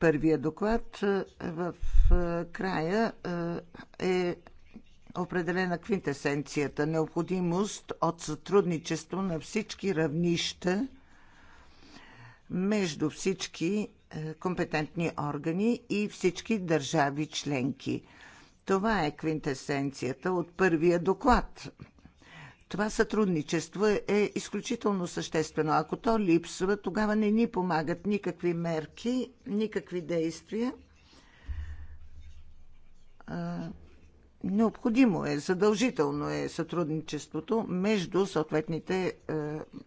първия доклад е, в е, края е, е определена квинтесенцията необходимост от сътрудничество на всички равнища между всички компетентни органи и всички държави членки. Това е квинтесенцията от първия доклад това сътрудничество е, е изключително съществено. Ако то липсва, тогава не ни помагат никакви мерки, никакви действия. Необходимо е, задължително е сътрудничеството между съответните е,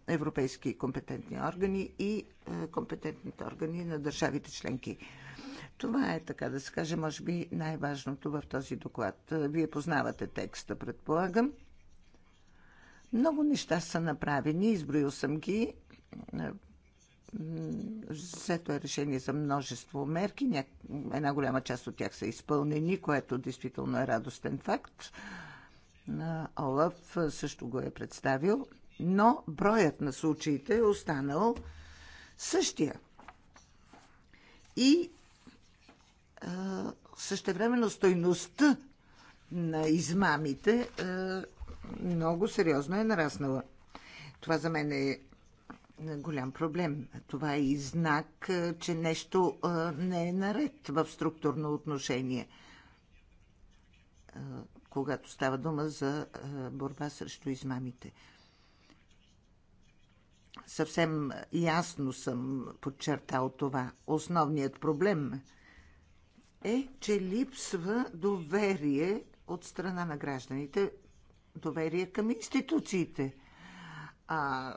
европейски компетентни органи и е, компетентните органи на държавите членки. Това е, така да се каже, може би най-важното в този доклад. Вие познавате текста, предполагам. Много неща са направени, изброил съм ги. Взето е решение за множество мерки. Една голяма част от тях са изпълнени, което действително е радостен факт. Олаф също го е представил, но броят на случаите е останал същия. И същевременно стойността на измамите много сериозно е нараснала. Това за мен е голям проблем. Това е и знак, е, че нещо е, не е наред в структурно отношение, е, когато става дума за борба срещу измамите. Съвсем ясно съм подчертал това. Основният проблем е, че липсва доверие от страна на гражданите доверие към институциите. А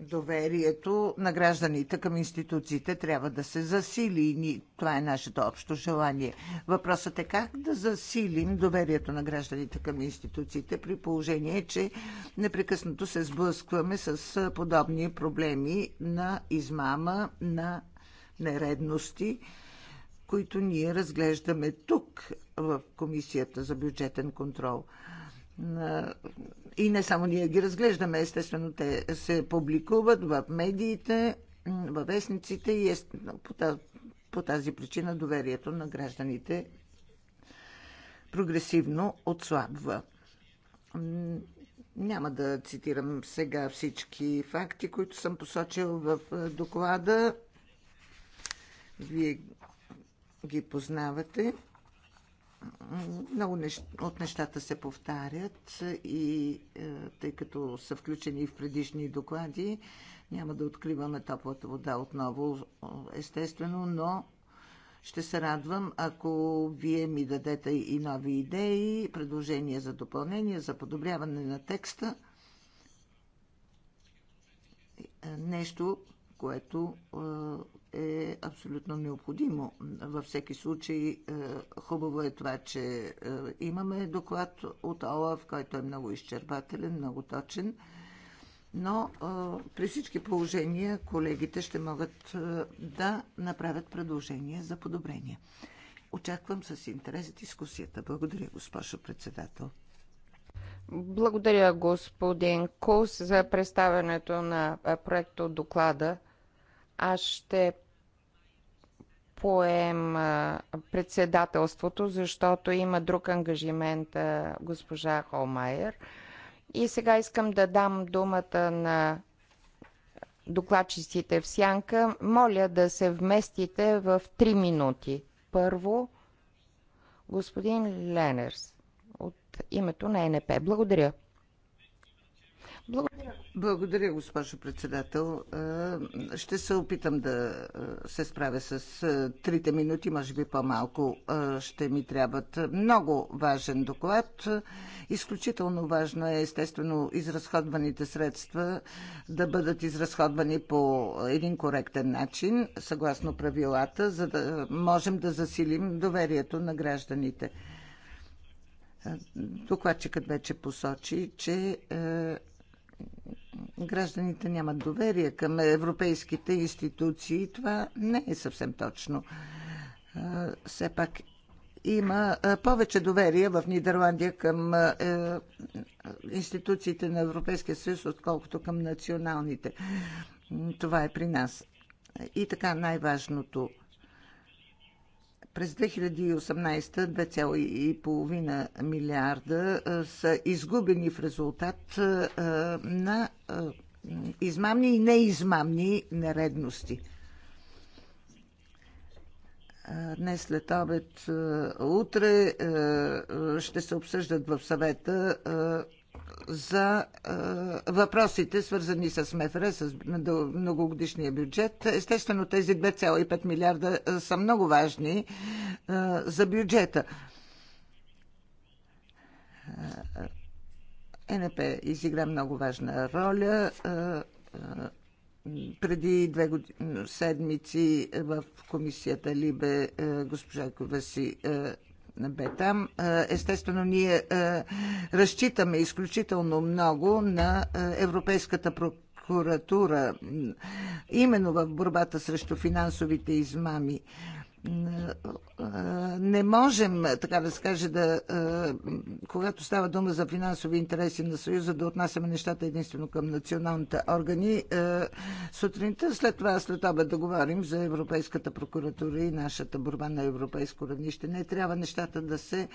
доверието на гражданите към институциите трябва да се засили. Това е нашето общо желание. Въпросът е как да засилим доверието на гражданите към институциите при положение, че непрекъснато се сблъскваме с подобни проблеми на измама, на нередности, които ние разглеждаме тук в Комисията за бюджетен контрол. И не само ние ги разглеждаме, естествено, те се публикуват в медиите, във вестниците и по тази причина доверието на гражданите прогресивно отслабва. Няма да цитирам сега всички факти, които съм посочил в доклада. Вие ги познавате много нещ... от нещата се повтарят и е, тъй като са включени в предишни доклади, няма да откриваме топлата вода отново, естествено, но ще се радвам, ако вие ми дадете и нови идеи, предложения за допълнение, за подобряване на текста. Е, нещо, което е, е абсолютно необходимо. Във всеки случай е, хубаво е това, че е, имаме доклад от ОЛАВ, който е много изчерпателен, много точен. Но е, при всички положения колегите ще могат да направят предложения за подобрения. Очаквам с интерес дискусията. Благодаря, госпожо председател. Благодаря, господин Кус, за представянето на проекто доклада. Аз ще поема председателството, защото има друг ангажимент госпожа Холмайер. И сега искам да дам думата на докладчиците в сянка. Моля да се вместите в три минути. Първо, господин Ленерс от името на НП. Благодаря. Благодаря. госпожо председател. Е, ще се опитам да е, се справя с е, трите минути, може би по-малко ще ми трябват. Много важен доклад. Изключително важно е, естествено, изразходваните средства да бъдат изразходвани по един коректен начин, съгласно правилата, за да можем да засилим доверието на гражданите. Докладчикът вече посочи, че гражданите нямат доверие към европейските институции. Това не е съвсем точно. Все пак има повече доверие в Нидерландия към е, институциите на Европейския съюз, отколкото към националните. Това е при нас. И така най-важното – през 2018 2,5 милиарда са изгубени в резултат на измамни и неизмамни нередности. Днес след обед, утре ще се обсъждат в съвета за е, въпросите, свързани с МФР, с многогодишния бюджет. Естествено, тези 2,5 милиарда е, са много важни е, за бюджета. Е, е, НП изигра много важна роля. преди две години, седмици в комисията Либе госпожа Кова си бе там. Естествено, ние разчитаме изключително много на Европейската прокуратура, именно в борбата срещу финансовите измами не можем, така да се каже, да, когато става дума за финансови интереси на Съюза, да отнасяме нещата единствено към националните органи. Сутринта, след това, след това да говорим за Европейската прокуратура и нашата борба на европейско равнище. Не трябва нещата да се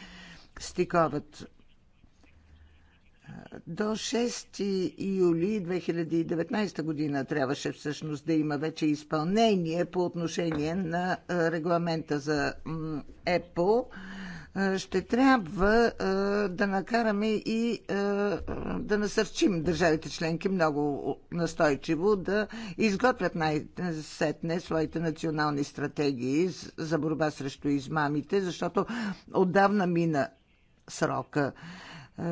стиковат. До 6 юли 2019 година трябваше всъщност да има вече изпълнение по отношение на регламента за ЕПО. Ще трябва да накараме и да насърчим държавите членки много настойчиво да изготвят най-сетне своите национални стратегии за борба срещу измамите, защото отдавна мина срока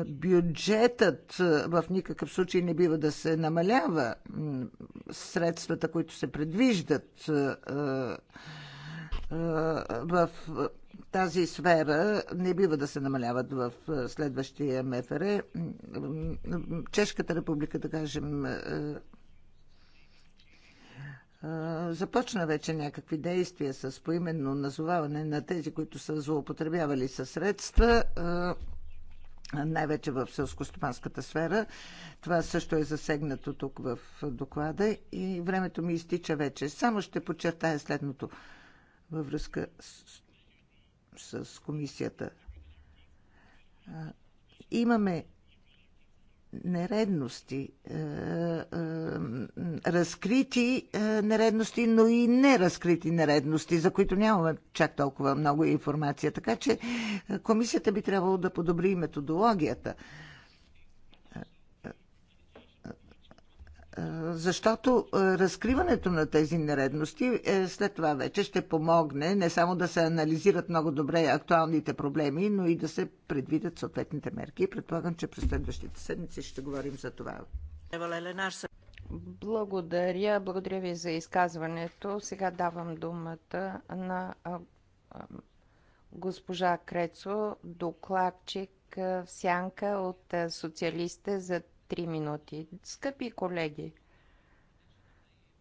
бюджетът в никакъв случай не бива да се намалява. Средствата, които се предвиждат в тази сфера, не бива да се намаляват в следващия МФР. Чешката република, да кажем, започна вече някакви действия с поименно назоваване на тези, които са злоупотребявали със средства най-вече в сълскостопанската сфера. Това също е засегнато тук в доклада и времето ми изтича вече. Само ще подчертая следното във връзка с, с комисията. Имаме нередности, е, е, разкрити е, нередности, но и неразкрити нередности, за които нямаме чак толкова много информация. Така че комисията би трябвало да подобри методологията Е, защото е, разкриването на тези нередности е, след това вече ще помогне не само да се анализират много добре актуалните проблеми, но и да се предвидят съответните мерки. Предполагам, че през следващите седмици ще говорим за това. Благодаря. Благодаря ви за изказването. Сега давам думата на госпожа Крецо, докладчик в сянка от социалиста за 3 минути. Скъпи колеги,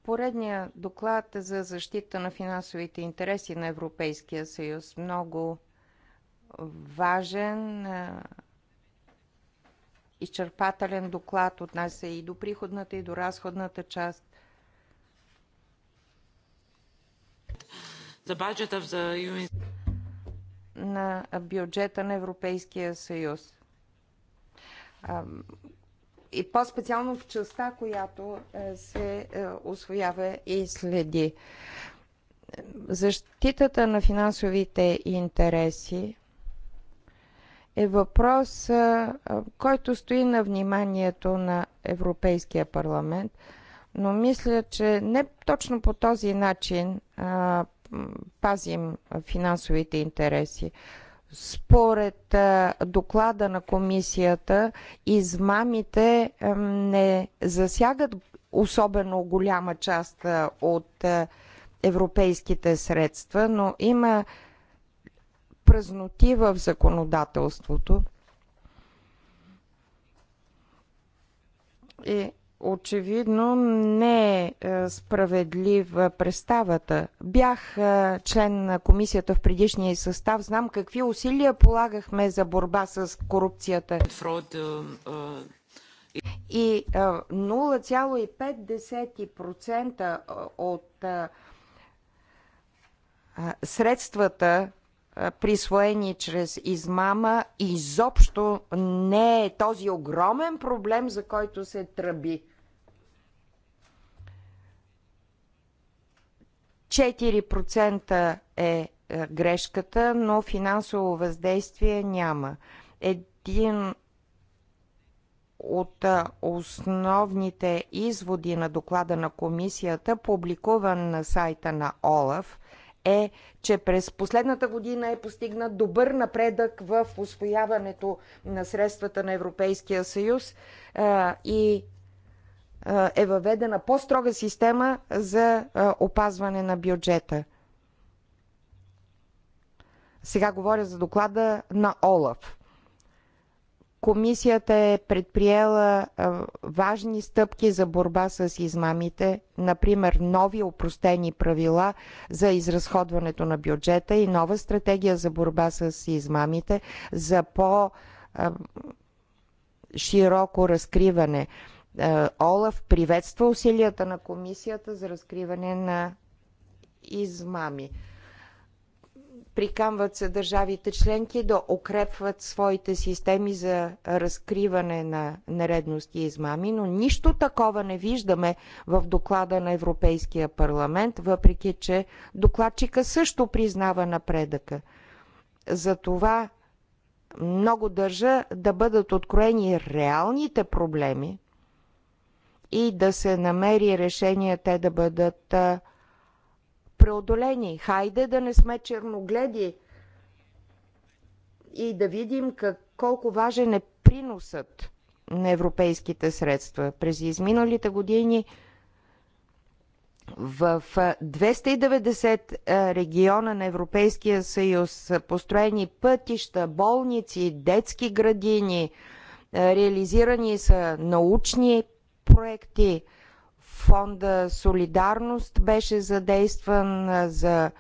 поредния доклад за защита на финансовите интереси на Европейския съюз. Много важен, изчерпателен доклад отнася и до приходната, и до разходната част. на бюджета на Европейския съюз и по-специално в частта, която е, се е, освоява и следи. Защитата на финансовите интереси е въпрос, е, който стои на вниманието на Европейския парламент, но мисля, че не точно по този начин а, пазим финансовите интереси. Според доклада на комисията, измамите не засягат особено голяма част от европейските средства, но има празноти в законодателството. И очевидно не е, е справедлива представата. Бях е, член на комисията в предишния състав, знам какви усилия полагахме за борба с корупцията. Е, и 0,5% от средствата присвоени чрез измама, изобщо не е този огромен проблем, за който се тръби. 4% е, е грешката, но финансово въздействие няма. Един от основните изводи на доклада на комисията, публикуван на сайта на ОЛАФ – е, че през последната година е постигнат добър напредък в освояването на средствата на Европейския съюз и е въведена по-строга система за опазване на бюджета. Сега говоря за доклада на Олаф. Комисията е предприела важни стъпки за борба с измамите, например нови опростени правила за изразходването на бюджета и нова стратегия за борба с измамите за по- широко разкриване. Олаф приветства усилията на комисията за разкриване на измами. Прикамват се държавите членки да укрепват своите системи за разкриване на нередности и измами, но нищо такова не виждаме в доклада на Европейския парламент, въпреки че докладчика също признава напредъка. Затова много държа да бъдат откроени реалните проблеми и да се намери решение те да бъдат преодолени. Хайде да не сме черногледи и да видим как, колко важен е приносът на европейските средства. През изминалите години в 290 региона на Европейския съюз са построени пътища, болници, детски градини, реализирани са научни проекти – Фонда Солидарност беше задействан за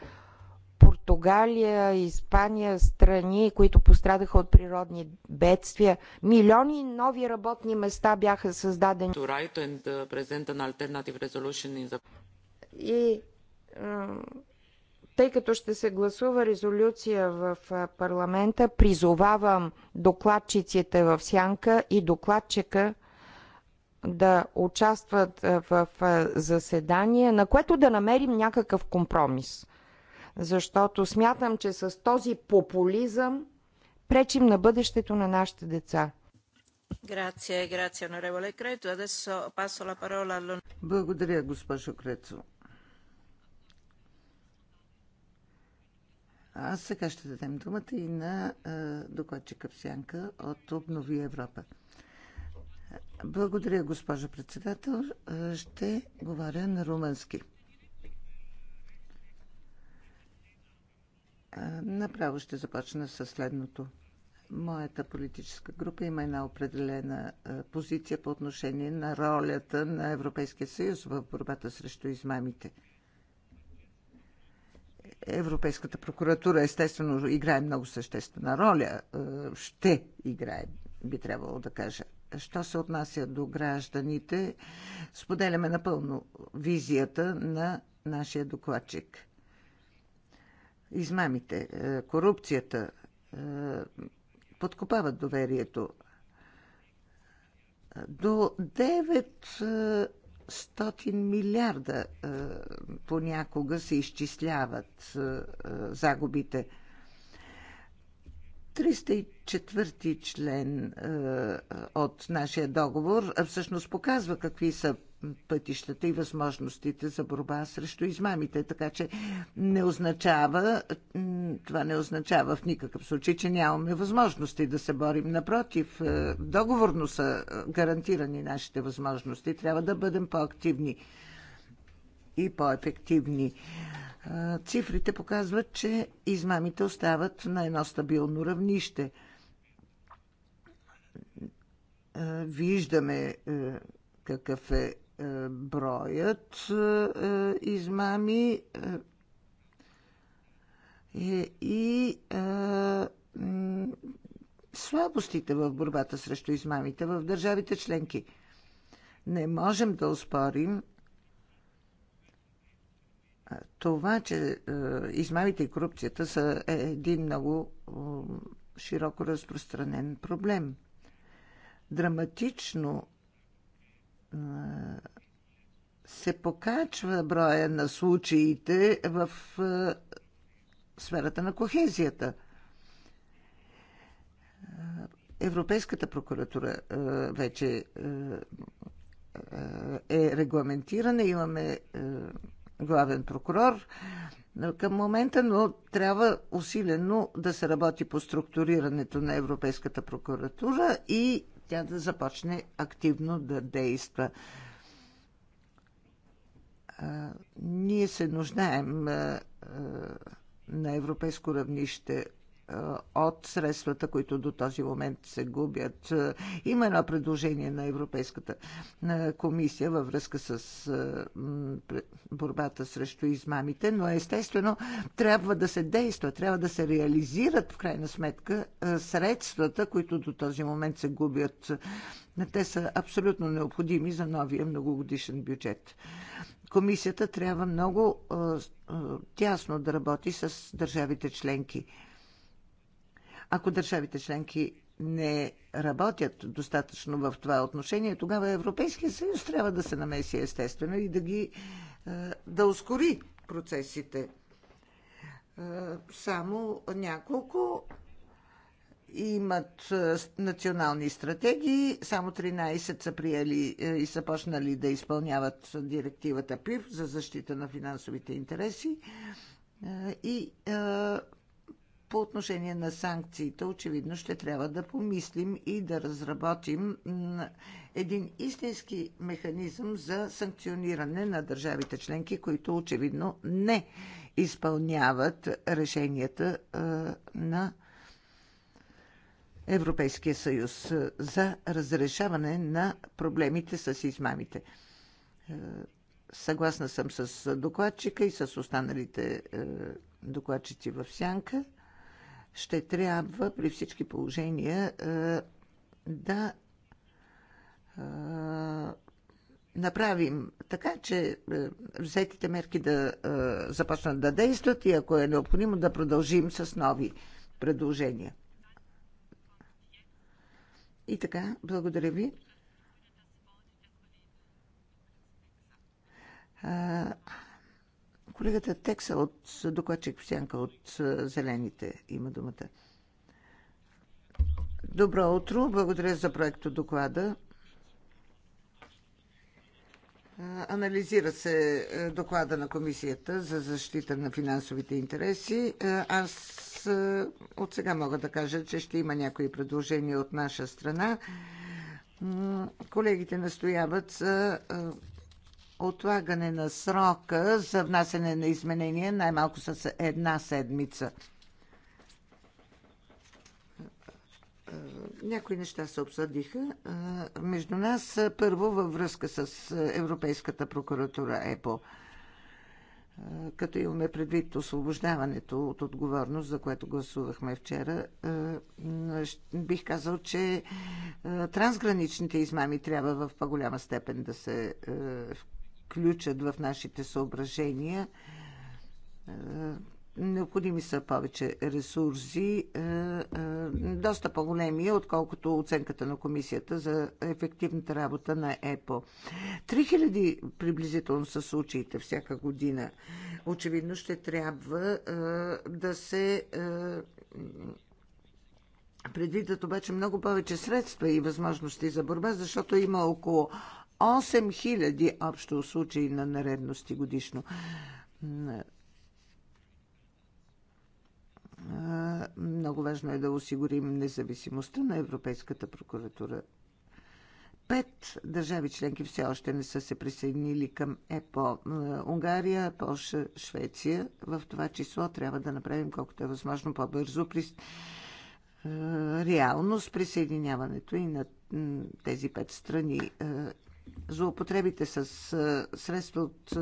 Португалия, Испания, страни, които пострадаха от природни бедствия. Милиони нови работни места бяха създадени. Uh, и тъй като ще се гласува резолюция в парламента, призовавам докладчиците в Сянка и докладчика – да участват е, в е, заседание, на което да намерим някакъв компромис. Защото смятам, че с този популизъм пречим на бъдещето на нашите деца. Благодаря, госпожо Крецо. А сега ще дадем думата и на е, докладчика в сянка от Обнови Европа. Благодаря, госпожо председател. Ще говоря на румънски. Направо ще започна с следното. Моята политическа група има една определена позиция по отношение на ролята на Европейския съюз в борбата срещу измамите. Европейската прокуратура естествено играе много съществена роля. Ще играе, би трябвало да кажа що се отнася до гражданите, споделяме напълно визията на нашия докладчик. Измамите, е, корупцията е, подкопават доверието. До 900 е, милиарда понякога се изчисляват загубите – 304 член е, е, от нашия договор е, всъщност показва какви са пътищата и възможностите за борба срещу измамите. Така че не означава, това не означава в никакъв случай, че нямаме възможности да се борим. Напротив, договорно са гарантирани нашите възможности. Трябва да бъдем по-активни и по-ефективни. Цифрите показват, че измамите остават на едно стабилно равнище. Виждаме какъв е броят измами е, и слабостите в борбата срещу измамите в държавите членки. Не можем да успорим, това, че е, измамите и корупцията са е, един много е, широко разпространен проблем. Драматично се покачва броя на случаите в сферата на кохезията. Европейската прокуратура вече е регламентирана. Имаме главен прокурор към момента, но трябва усилено да се работи по структурирането на Европейската прокуратура и тя да започне активно да действа. Ние се нуждаем на европейско равнище е, от средствата, които до този момент се губят. Е, има едно предложение на Европейската е, комисия във връзка с борбата срещу измамите, но естествено трябва да се действа, трябва да се реализират в крайна сметка средствата, които до този момент се губят. Те са абсолютно необходими за новия многогодишен бюджет. Комисията трябва много тясно да работи с държавите членки ако държавите членки не работят достатъчно в това отношение, тогава Европейския съюз трябва да се намеси естествено и да ги е, да ускори процесите. Е, само няколко имат е, национални стратегии, само 13 са приели и са почнали да изпълняват директивата ПИР за защита на финансовите интереси и по отношение на санкциите, очевидно ще трябва да помислим и да разработим един истински механизъм за санкциониране на държавите членки, които очевидно не изпълняват решенията е, на Европейския съюз за разрешаване на проблемите с измамите. Е, съгласна съм с докладчика и с останалите е, докладчици в Сянка – ще трябва при всички положения е, да е, направим така, че е, взетите мерки да започнат да действат и ако е необходимо да продължим с нови предложения. И така, благодаря ви. Колегата Текса от докладчик Псянка от Зелените има думата. Добро утро, благодаря за проекто доклада. Анализира се доклада на Комисията за защита на финансовите интереси. Аз от сега мога да кажа, че ще има някои предложения от наша страна. Колегите настояват за отлагане на срока за внасене на изменения най-малко с една седмица. Някои неща се обсъдиха. Между нас първо във връзка с Европейската прокуратура ЕПО като имаме предвид освобождаването от отговорност, за което гласувахме вчера, бих казал, че трансграничните измами трябва в по-голяма степен да се включат в нашите съображения. Е, необходими са повече ресурси, е, е, доста по-големи, отколкото оценката на комисията за ефективната работа на ЕПО. 3000 приблизително са случаите всяка година. Очевидно ще трябва да се предвидят обаче много повече средства и възможности за борба, защото има около 8000 общо случаи на наредности годишно. Много важно е да осигурим независимостта на Европейската прокуратура. Пет държави членки все още не са се присъединили към ЕПО. Унгария, Польша, Швеция. В това число трябва да направим колкото е възможно по-бързо при е, реалност присъединяването и на тези пет страни е, злоупотребите с средства от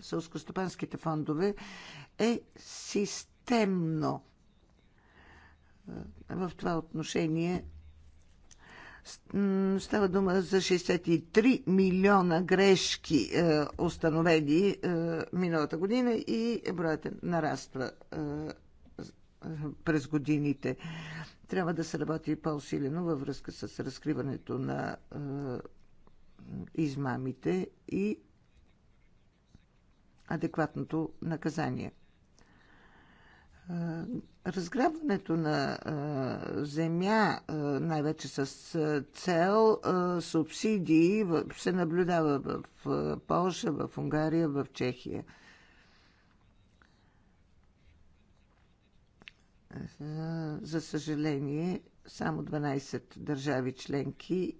сълскостопанските фондове е системно. В това отношение става дума за 63 милиона грешки установени миналата година и броят нараства през годините. Трябва да се работи по-усилено във връзка с разкриването на измамите и адекватното наказание. Разграбването на земя, най-вече с цел субсидии, се наблюдава в Польша, в Унгария, в Чехия. За съжаление, само 12 държави членки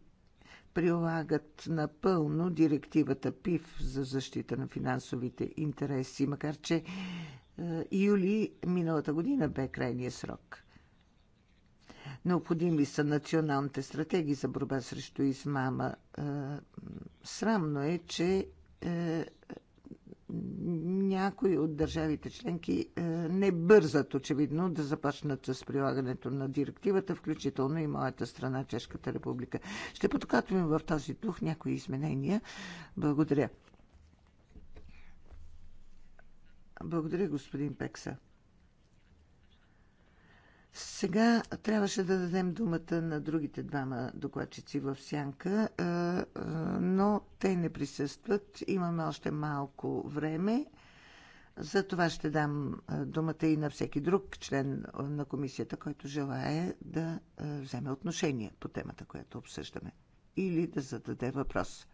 прилагат напълно директивата ПИФ за защита на финансовите интереси, макар че е, юли миналата година бе крайния срок. Необходими са националните стратегии за борба срещу измама. Е, срамно е, че е, някои от държавите членки е, не бързат очевидно да започнат с прилагането на директивата, включително и моята страна, Чешката република. Ще подкатвим в този дух някои изменения. Благодаря. Благодаря, господин Пекса. Сега трябваше да дадем думата на другите двама докладчици в сянка, но те не присъстват. Имаме още малко време. За това ще дам думата и на всеки друг член на комисията, който желае да вземе отношение по темата, която обсъждаме или да зададе въпрос.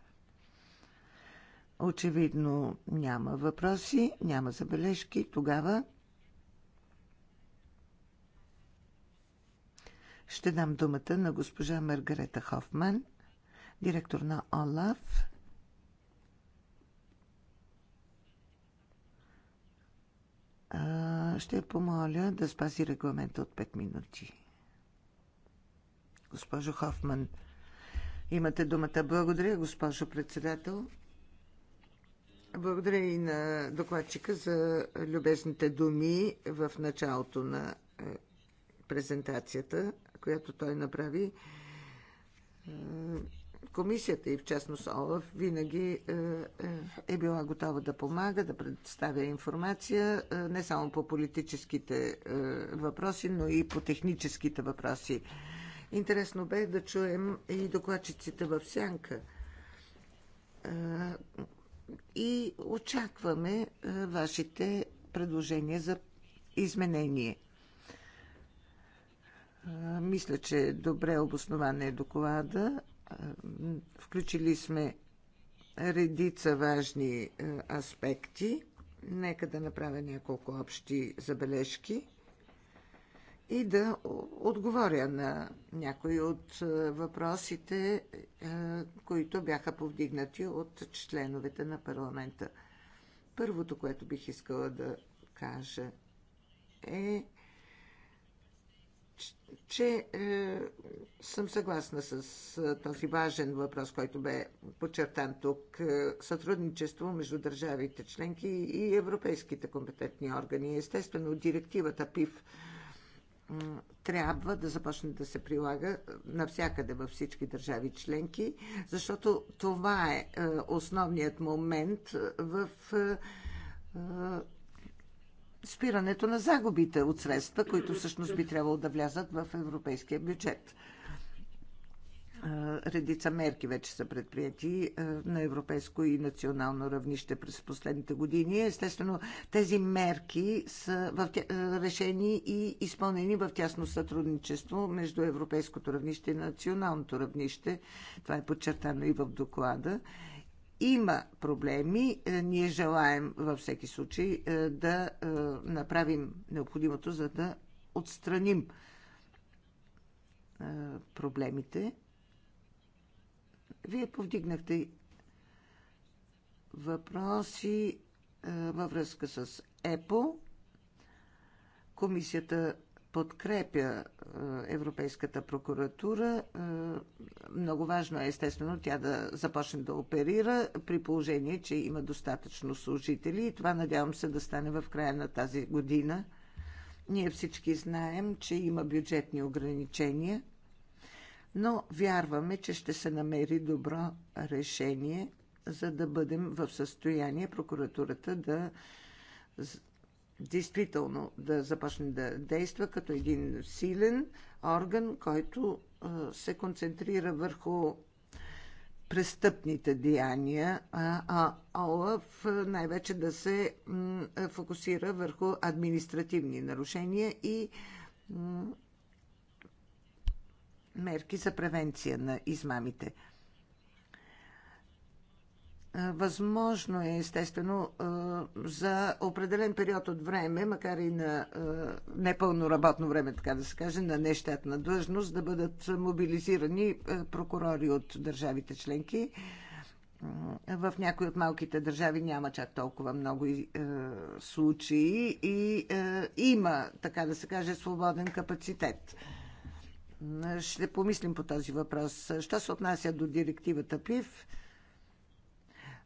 Очевидно няма въпроси, няма забележки. Тогава Ще дам думата на госпожа Маргарета Хофман, директор на ОЛАФ. Ще помоля да спази регламента от 5 минути. Госпожо Хофман, имате думата. Благодаря, госпожо председател. Благодаря и на докладчика за любезните думи в началото на е, презентацията която той направи, е, комисията и в частност ОЛАФ винаги е, е, е била готова да помага, да предоставя информация не само по политическите въпроси, но и по техническите въпроси. Интересно бе да чуем и докладчиците в сянка. И очакваме вашите предложения за изменение. Мисля, че е добре обоснован е доклада. Включили сме редица важни аспекти. Нека да направя няколко общи забележки и да отговоря на някои от въпросите, които бяха повдигнати от членовете на парламента. Първото, което бих искала да кажа е, че е, съм съгласна с е, този важен въпрос, който бе подчертан тук. Е, сътрудничество между държавите членки и европейските компетентни органи. Естествено, директивата ПИВ трябва да започне да се прилага навсякъде във всички държави членки, защото това е, е основният момент в е, е, спирането на загубите от средства, които всъщност би трябвало да влязат в европейския бюджет. Редица мерки вече са предприяти на европейско и национално равнище през последните години. Естествено, тези мерки са в, решени и изпълнени в тясно сътрудничество между европейското равнище и националното равнище. Това е подчертано и в доклада има проблеми. Е, ние желаем във всеки случай е, да е, направим необходимото, за да отстраним проблемите. Вие повдигнахте въпроси във връзка с ЕПО. Комисията подкрепя е, Европейската прокуратура. Е, много важно е, естествено, тя да започне да оперира при положение, че има достатъчно служители и това надявам се да стане в края на тази година. Ние всички знаем, че има бюджетни ограничения, но вярваме, че ще се намери добро решение, за да бъдем в състояние прокуратурата да действително да започне да действа като един силен орган, който се концентрира върху престъпните деяния, а ОЛАФ най-вече да се фокусира върху административни нарушения и мерки за превенция на измамите. Възможно е, естествено, за определен период от време, макар и на непълно работно време, така да се каже, на нещатна длъжност, да бъдат мобилизирани прокурори от държавите членки. В някои от малките държави няма чак толкова много случаи и има, така да се каже, свободен капацитет. Ще помислим по този въпрос. Що се отнася до директивата ПИВ,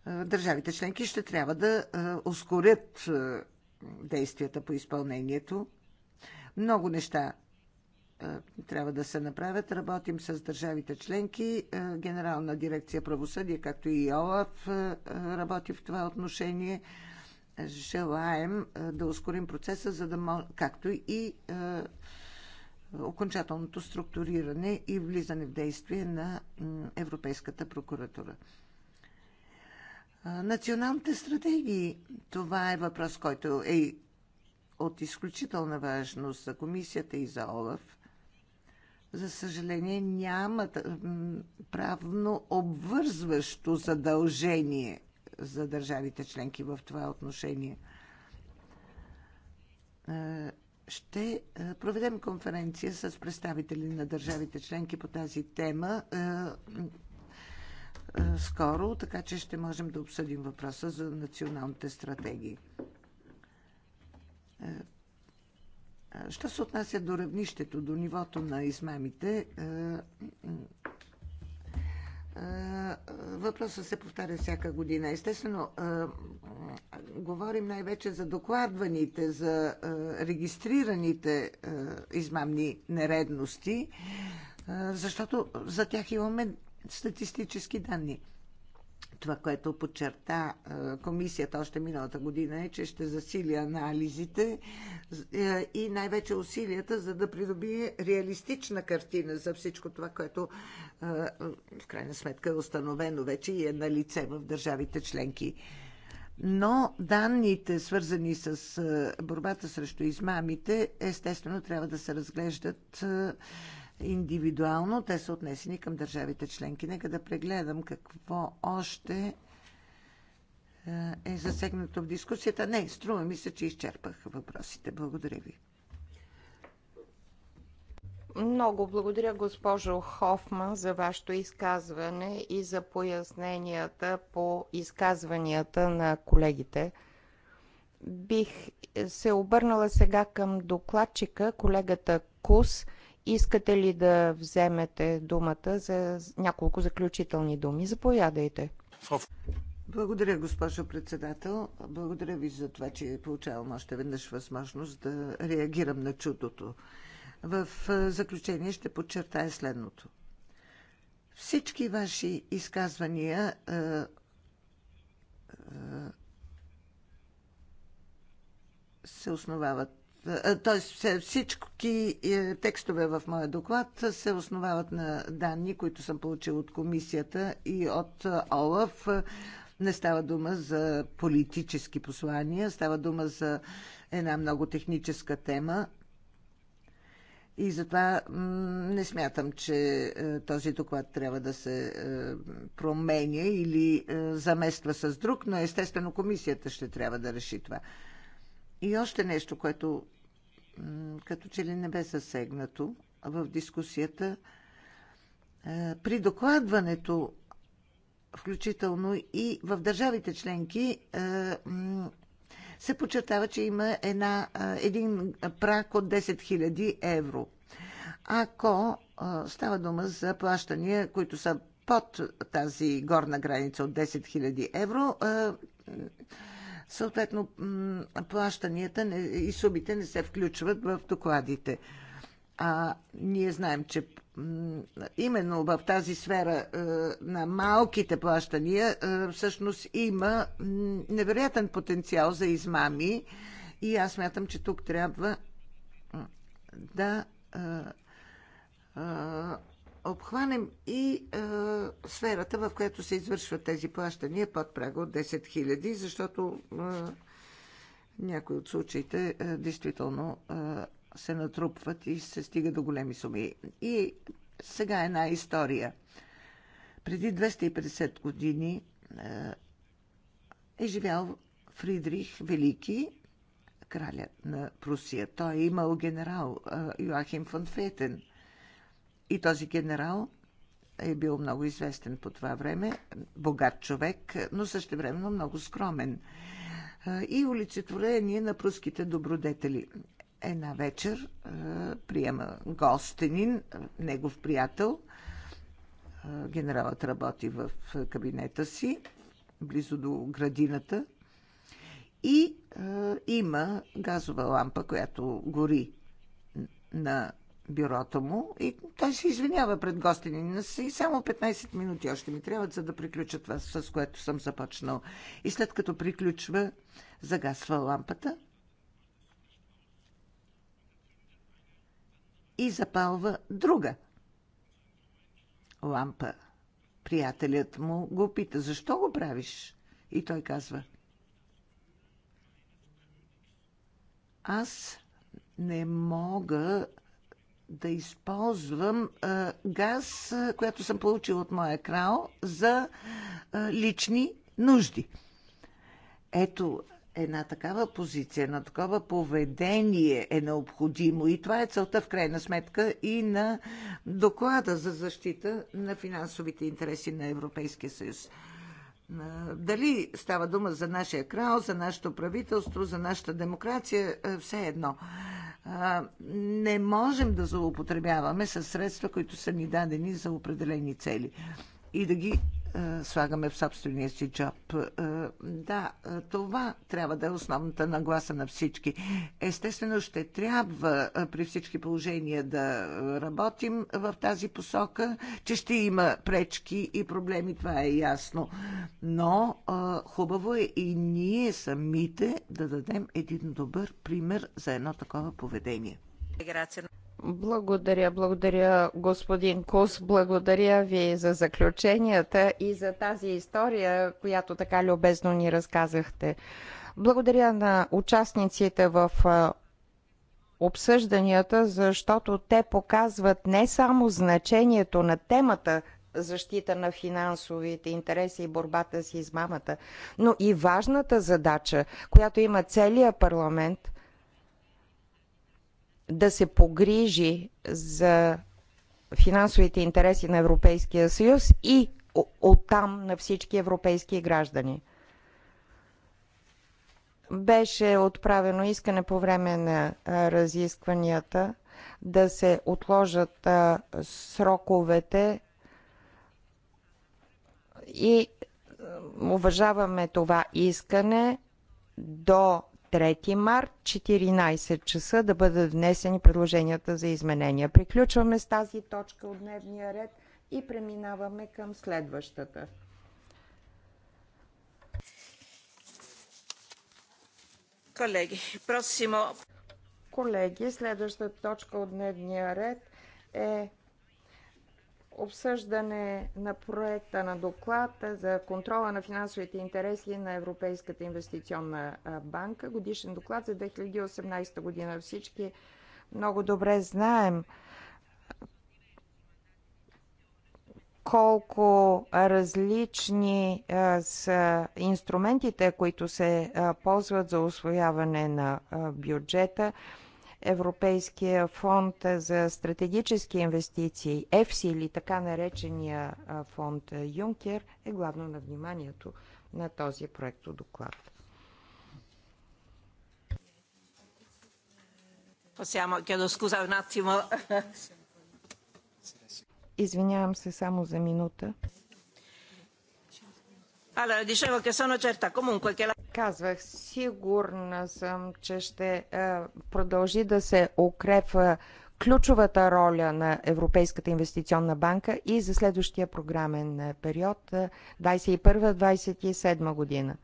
държавите членки ще трябва да ускорят действията по изпълнението. Много неща трябва да се направят. Работим с държавите членки. Генерална дирекция правосъдие, както и ОЛАФ, работи в това отношение. Желаем да ускорим процеса, за да мож... както и окончателното структуриране и влизане в действие на Европейската прокуратура. Националните стратегии. Това е въпрос, който е от изключителна важност за комисията и за ОЛАФ. За съжаление, няма правно обвързващо задължение за държавите членки в това отношение. Ще проведем конференция с представители на държавите членки по тази тема скоро, така че ще можем да обсъдим въпроса за националните стратегии. Що се отнася до равнището, до нивото на измамите, въпросът се повтаря всяка година. Естествено, говорим най-вече за докладваните, за регистрираните измамни нередности, защото за тях имаме статистически данни. Това, което подчерта комисията още миналата година е, че ще засили анализите е, и най-вече усилията, за да придобие реалистична картина за всичко това, което в крайна сметка е установено вече и е на лице в държавите членки. Но данните, свързани с борбата срещу измамите, естествено трябва да се разглеждат индивидуално, те са отнесени към държавите членки. Нека да прегледам какво още е, е засегнато в дискусията. Не, струва ми се, че изчерпах въпросите. Благодаря ви. Много благодаря, госпожо Хофман, за вашето изказване и за поясненията по изказванията на колегите. Бих се обърнала сега към докладчика, колегата Кус, Искате ли да вземете думата за няколко заключителни думи? Заповядайте. Благодаря, госпожо председател. Благодаря ви за това, че получавам още веднъж възможност да реагирам на чудото. В заключение ще подчертая следното. Всички ваши изказвания се основават е, т.е. всички е, текстове в моя доклад се основават на данни, които съм получил от комисията и от е, ОЛАФ. Не става дума за политически послания, става дума за една много техническа тема. И затова не смятам, че този доклад трябва да се променя или замества с друг, но естествено комисията ще трябва да реши това. И още нещо, което като че ли не бе съсегнато в дискусията. Е, при докладването, включително и в държавите членки, е, се подчертава, че има една, е, един прак от 10 000 евро. Ако става дума за плащания, които са под тази горна граница от 10 000 евро, Съответно, плащанията не, и сумите не се включват в докладите. А ние знаем, че именно в тази сфера е, на малките плащания е, всъщност има невероятен потенциал за измами и аз мятам, че тук трябва да е, обхванем и е, сферата, в която се извършват тези плащания под прага от 10 000, защото е, някои от случаите е, действително е, се натрупват и се стига до големи суми. И сега една история. Преди 250 години е, е живял Фридрих Велики, краля на Прусия. Той е имал генерал е, Йоахим фон Фетен – и този генерал е бил много известен по това време, богат човек, но същевременно много скромен и олицетворение на пруските добродетели. Една вечер приема гостенин, негов приятел. Генералът работи в кабинета си, близо до градината. И има газова лампа, която гори на бюрото му и той се извинява пред гостенина си. Само 15 минути още ми трябват, за да приключа това, с което съм започнал. И след като приключва, загасва лампата и запалва друга лампа. Приятелят му го пита, защо го правиш? И той казва, аз не мога да използвам а, газ, а, която съм получил от моя крал, за а, лични нужди. Ето, една такава позиция, на такова поведение е необходимо и това е целта в крайна сметка и на доклада за защита на финансовите интереси на Европейския съюз. Дали става дума за нашия крал, за нашето правителство, за нашата демокрация, все едно не можем да злоупотребяваме с средства, които са ни дадени за определени цели и да ги е, слагаме в собствения си джоб. Е, да, е, това трябва да е основната нагласа на всички. Естествено, ще трябва при всички положения да работим в тази посока, че ще има пречки и проблеми, това е ясно. Но хубаво е и ние самите да дадем един добър пример за едно такова поведение. Благодаря, благодаря господин Кус, благодаря ви за заключенията и за тази история, която така любезно ни разказахте. Благодаря на участниците в обсъжданията, защото те показват не само значението на темата защита на финансовите интереси и борбата с измамата, но и важната задача, която има целият парламент – да се погрижи за финансовите интереси на Европейския съюз и оттам на всички европейски граждани. Беше отправено искане по време на разискванията да се отложат сроковете и уважаваме това искане до 3 март, 14 часа, да бъдат внесени предложенията за изменения. Приключваме с тази точка от дневния ред и преминаваме към следващата. Колеги, просимо. Колеги, следващата точка от дневния ред е обсъждане на проекта на доклад за контрола на финансовите интереси на Европейската инвестиционна банка. Годишен доклад за 2018 година. Всички много добре знаем колко различни са инструментите, които се ползват за освояване на бюджета. Европейския фонд за стратегически инвестиции, ЕФСИ или така наречения фонд Юнкер, е главно на вниманието на този проект доклад. Извинявам се само за минута. Казвах, сигурна съм, че ще е, продължи да се укрепва ключовата роля на Европейската инвестиционна банка и за следващия програмен е, период 2021-2027 е, година.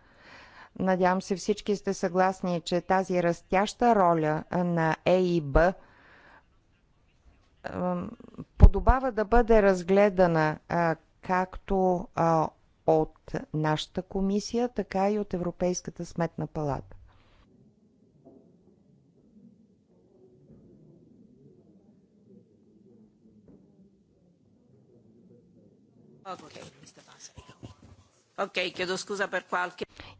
Надявам се всички сте съгласни, че тази растяща роля на ЕИБ подобава да бъде разгледана както от нашата комисия, така и от Европейската сметна палата.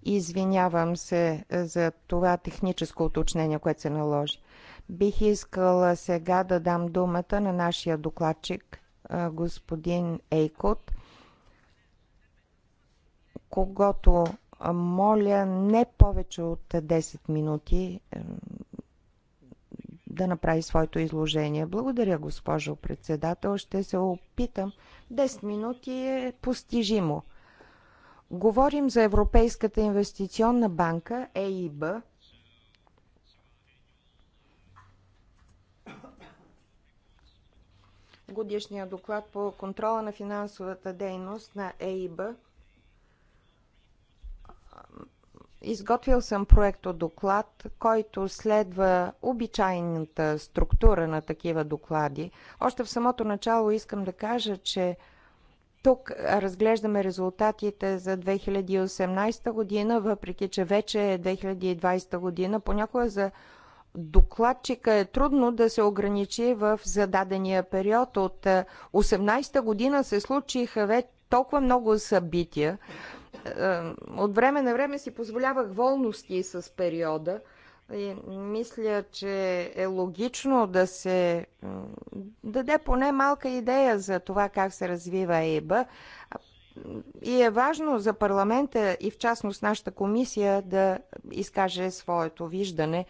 Извинявам се за това техническо уточнение, което се наложи. Бих искала сега да дам думата на нашия докладчик, господин Ейкот, когато моля не повече от 10 минути да направи своето изложение. Благодаря, госпожо председател. Ще се опитам. 10 минути е постижимо. Говорим за Европейската инвестиционна банка, ЕИБ. Годишния доклад по контрола на финансовата дейност на ЕИБ – Изготвил съм проекто доклад, който следва обичайната структура на такива доклади. Още в самото начало искам да кажа, че тук разглеждаме резултатите за 2018 година, въпреки че вече е 2020 година. Понякога за докладчика е трудно да се ограничи в зададения период. От 2018 година се случиха вече толкова много събития, е, е, от време на време си позволявах волности с периода. И мисля, че е логично да се даде поне малка идея за това как се развива ЕБА. И е важно за парламента и в частност нашата комисия да изкаже своето виждане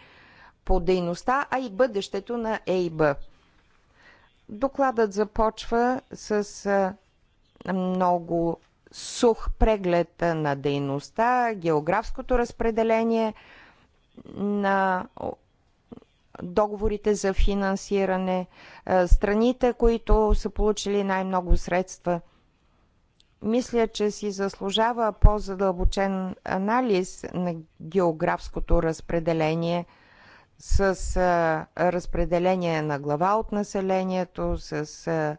по дейността, а и бъдещето на ЕИБ. Докладът започва с много сух преглед на дейността, географското разпределение на договорите за финансиране, е, страните, които са получили най-много средства. Мисля, че си заслужава по-задълбочен анализ на географското разпределение с е, разпределение на глава от населението, с е,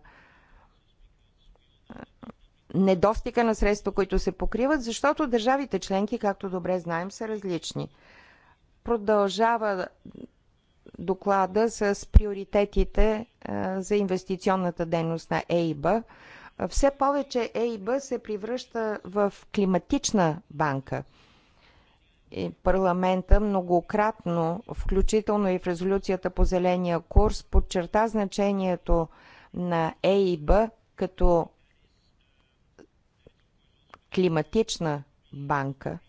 недостига на средства, които се покриват, защото държавите членки, както добре знаем, са различни. Продължава доклада с приоритетите е, за инвестиционната дейност на ЕИБА. Все повече ЕИБА се превръща в климатична банка. И парламента многократно, включително и в резолюцията по зеления курс, подчерта значението на ЕИБ като климатична банка.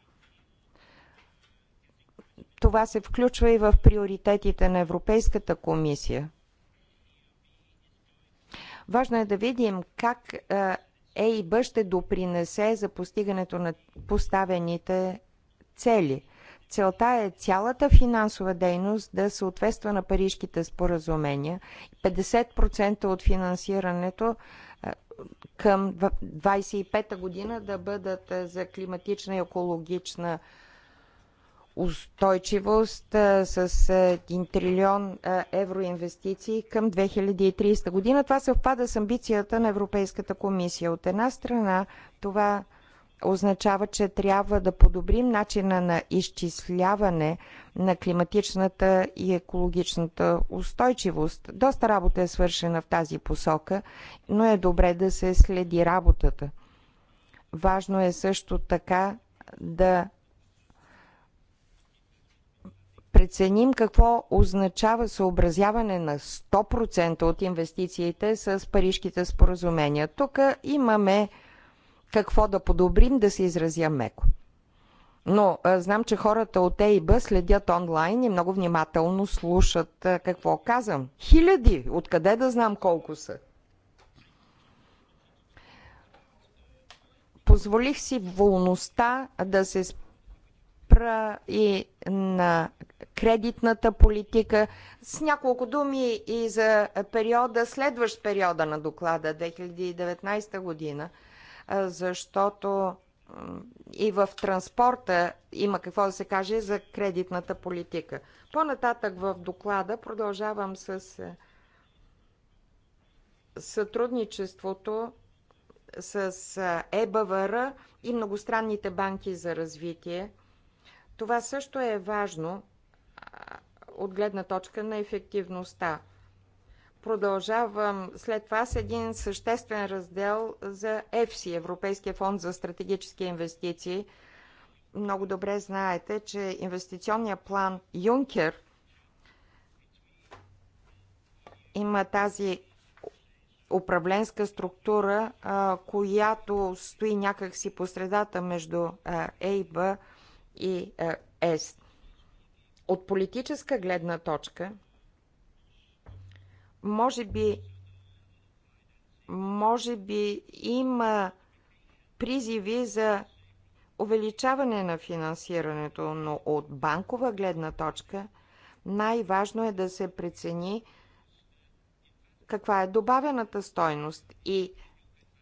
Това се включва и в приоритетите на Европейската комисия. Важно е да видим как ЕИБ ще допринесе за постигането на поставените цели. Целта е цялата финансова дейност да съответства на парижките споразумения. 50% от финансирането към 25-та година да бъдат за климатична и екологична устойчивост с 1 трилион евро инвестиции към 2030 година. Това съвпада с амбицията на Европейската комисия. От една страна това означава, че трябва да подобрим начина на изчисляване на климатичната и екологичната устойчивост. Доста работа е свършена в тази посока, но е добре да се следи работата. Важно е също така да преценим какво означава съобразяване на 100% от инвестициите с парижките споразумения. Тук имаме какво да подобрим, да се изразя меко. Но а, знам, че хората от ЕИБ следят онлайн и много внимателно слушат а, какво казвам. Хиляди! Откъде да знам колко са? Позволих си волността да се спра и на кредитната политика. С няколко думи и за периода, следващ периода на доклада, 2019 година – защото и в транспорта има какво да се каже за кредитната политика. По-нататък в доклада продължавам с е, сътрудничеството с е, ЕБВР и многостранните банки за развитие. Това също е важно от гледна точка на ефективността. Продължавам след това с един съществен раздел за ЕФСИ, Европейския фонд за стратегически инвестиции. Много добре знаете, че инвестиционният план Юнкер има тази управленска структура, която стои някакси по средата между ЕИБ и ЕС. От политическа гледна точка – може би, може би има призиви за увеличаване на финансирането, но от банкова гледна точка най-важно е да се прецени каква е добавената стойност и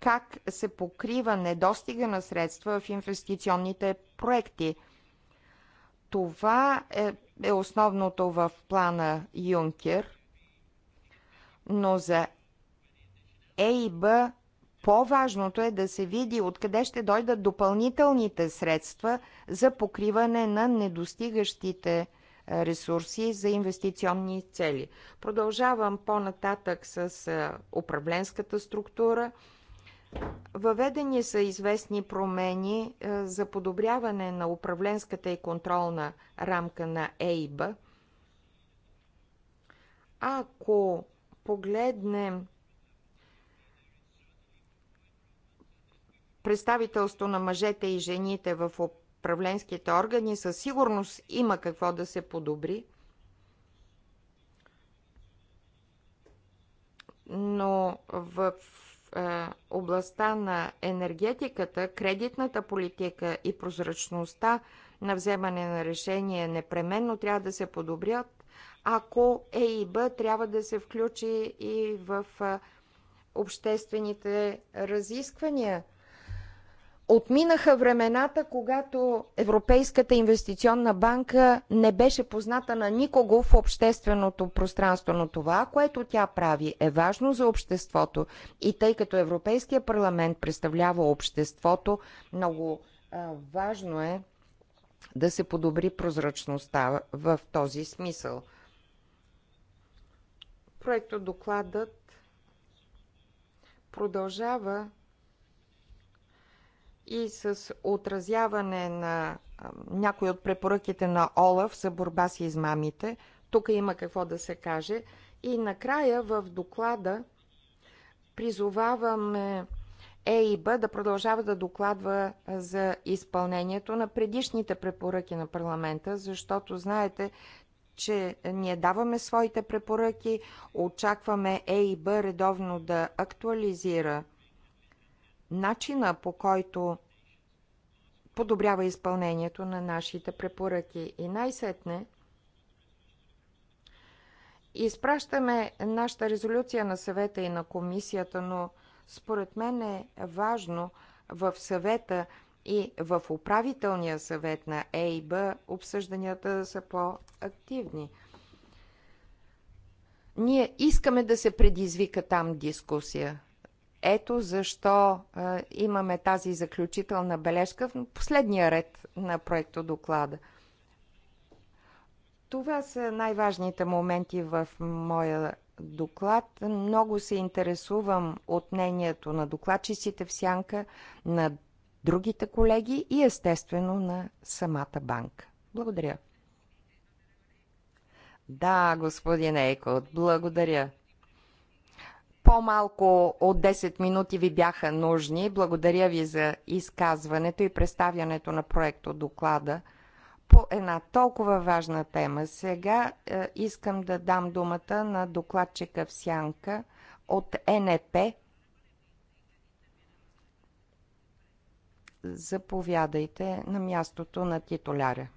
как се покрива недостига на средства в инвестиционните проекти. Това е, е основното в плана Юнкер но за ЕИБ по-важното е да се види откъде ще дойдат допълнителните средства за покриване на недостигащите е, ресурси за инвестиционни цели. Продължавам по-нататък с е, управленската структура. Въведени са известни промени е, за подобряване на управленската и контролна рамка на ЕИБ. Ако погледнем представителство на мъжете и жените в управленските органи, със сигурност има какво да се подобри. Но в е, областта на енергетиката, кредитната политика и прозрачността на вземане на решение непременно трябва да се подобрят, ако ЕИБ трябва да се включи и в обществените разисквания. Отминаха времената, когато Европейската инвестиционна банка не беше позната на никого в общественото пространство, но това, което тя прави, е важно за обществото и тъй като Европейския парламент представлява обществото, много а, важно е да се подобри прозрачността в този смисъл. Проектодокладът продължава и с отразяване на някои от препоръките на ОЛАФ за борба с измамите. Тук има какво да се каже. И накрая в доклада призоваваме ЕИБ да продължава да докладва за изпълнението на предишните препоръки на парламента, защото знаете, че ние даваме своите препоръки, очакваме ЕИБ редовно да актуализира начина по който подобрява изпълнението на нашите препоръки. И най-сетне изпращаме нашата резолюция на съвета и на комисията, но според мен е важно в съвета и в управителния съвет на ЕИБ обсъжданията са по-активни. Ние искаме да се предизвика там дискусия. Ето защо а, имаме тази заключителна бележка в последния ред на проекто доклада. Това са най-важните моменти в моя доклад. Много се интересувам от мнението на докладчиците в сянка, на другите колеги и естествено на самата банка. Благодаря. Да, господин Ейкот, благодаря. По-малко от 10 минути ви бяха нужни. Благодаря ви за изказването и представянето на проекто доклада по една толкова важна тема. Сега е, искам да дам думата на докладчика в Сянка от НЕП, Заповядайте на мястото на титуляря.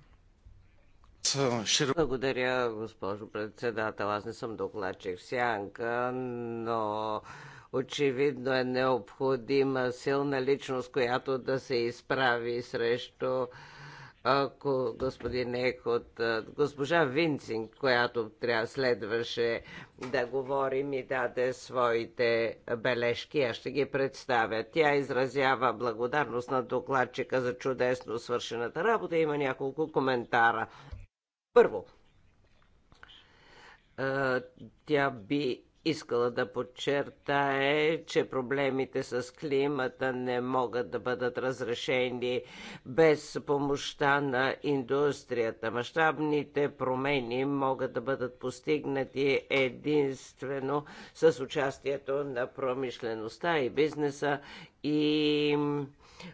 Благодаря, госпожо председател. Аз не съм докладчик сянка, но очевидно е необходима силна личност, която да се изправи срещу ако господин Ехот, госпожа Винцин, която трябва следваше да говори, ми даде своите бележки. Аз ще ги представя. Тя изразява благодарност на докладчика за чудесно свършената работа. Има няколко коментара. Първо, тя би искала да подчертае, че проблемите с климата не могат да бъдат разрешени без помощта на индустрията. Мащабните промени могат да бъдат постигнати единствено с участието на промишлеността и бизнеса и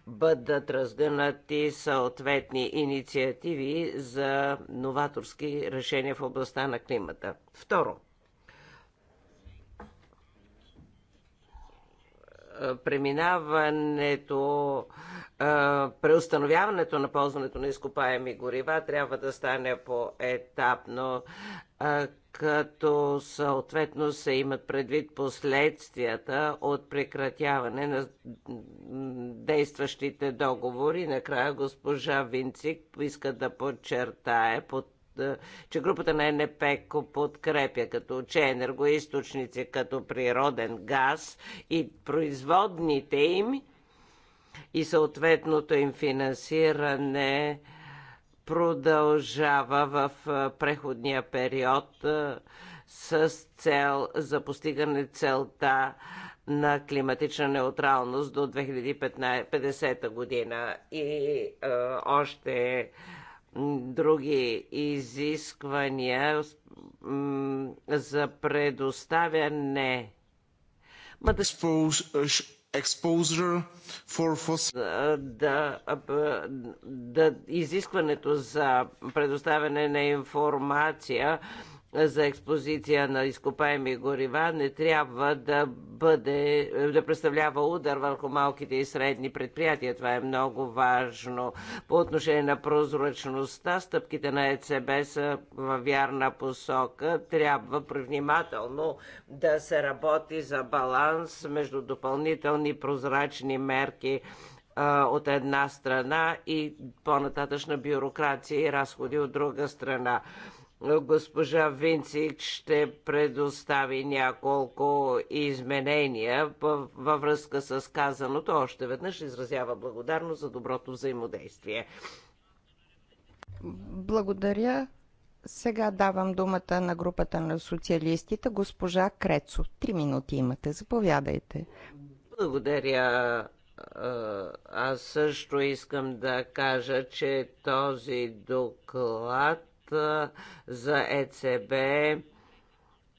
бъдат разгънати съответни инициативи за новаторски решения в областта на климата. Второ, Е, преминаването, е, преустановяването на ползването на изкопаеми горива трябва да стане по-етапно, е, като съответно се имат предвид последствията от прекратяване на действащите договори. Накрая госпожа Винцик иска да подчертае под е, че групата на НП подкрепя като че енергоисточници, като природен газ и производните им и съответното им финансиране продължава в е, преходния период е, с цел за постигане целта на климатична неутралност до 2050 година. И е, още други изисквания за предоставяне е, exposure for fossil... да, да, изискването за предоставяне на информация за експозиция на изкопаеми горива не трябва да бъде, да представлява удар върху малките и средни предприятия. Това е много важно. По отношение на прозрачността, стъпките на ЕЦБ са във вярна посока. Трябва внимателно да се работи за баланс между допълнителни прозрачни мерки от една страна и по-нататъчна бюрокрация и разходи от друга страна госпожа Винцик ще предостави няколко изменения във връзка с казаното. Още веднъж изразява благодарност за доброто взаимодействие. Благодаря. Сега давам думата на групата на социалистите, госпожа Крецо. Три минути имате. Заповядайте. Благодаря, аз също искам да кажа, че този доклад за ЕЦБ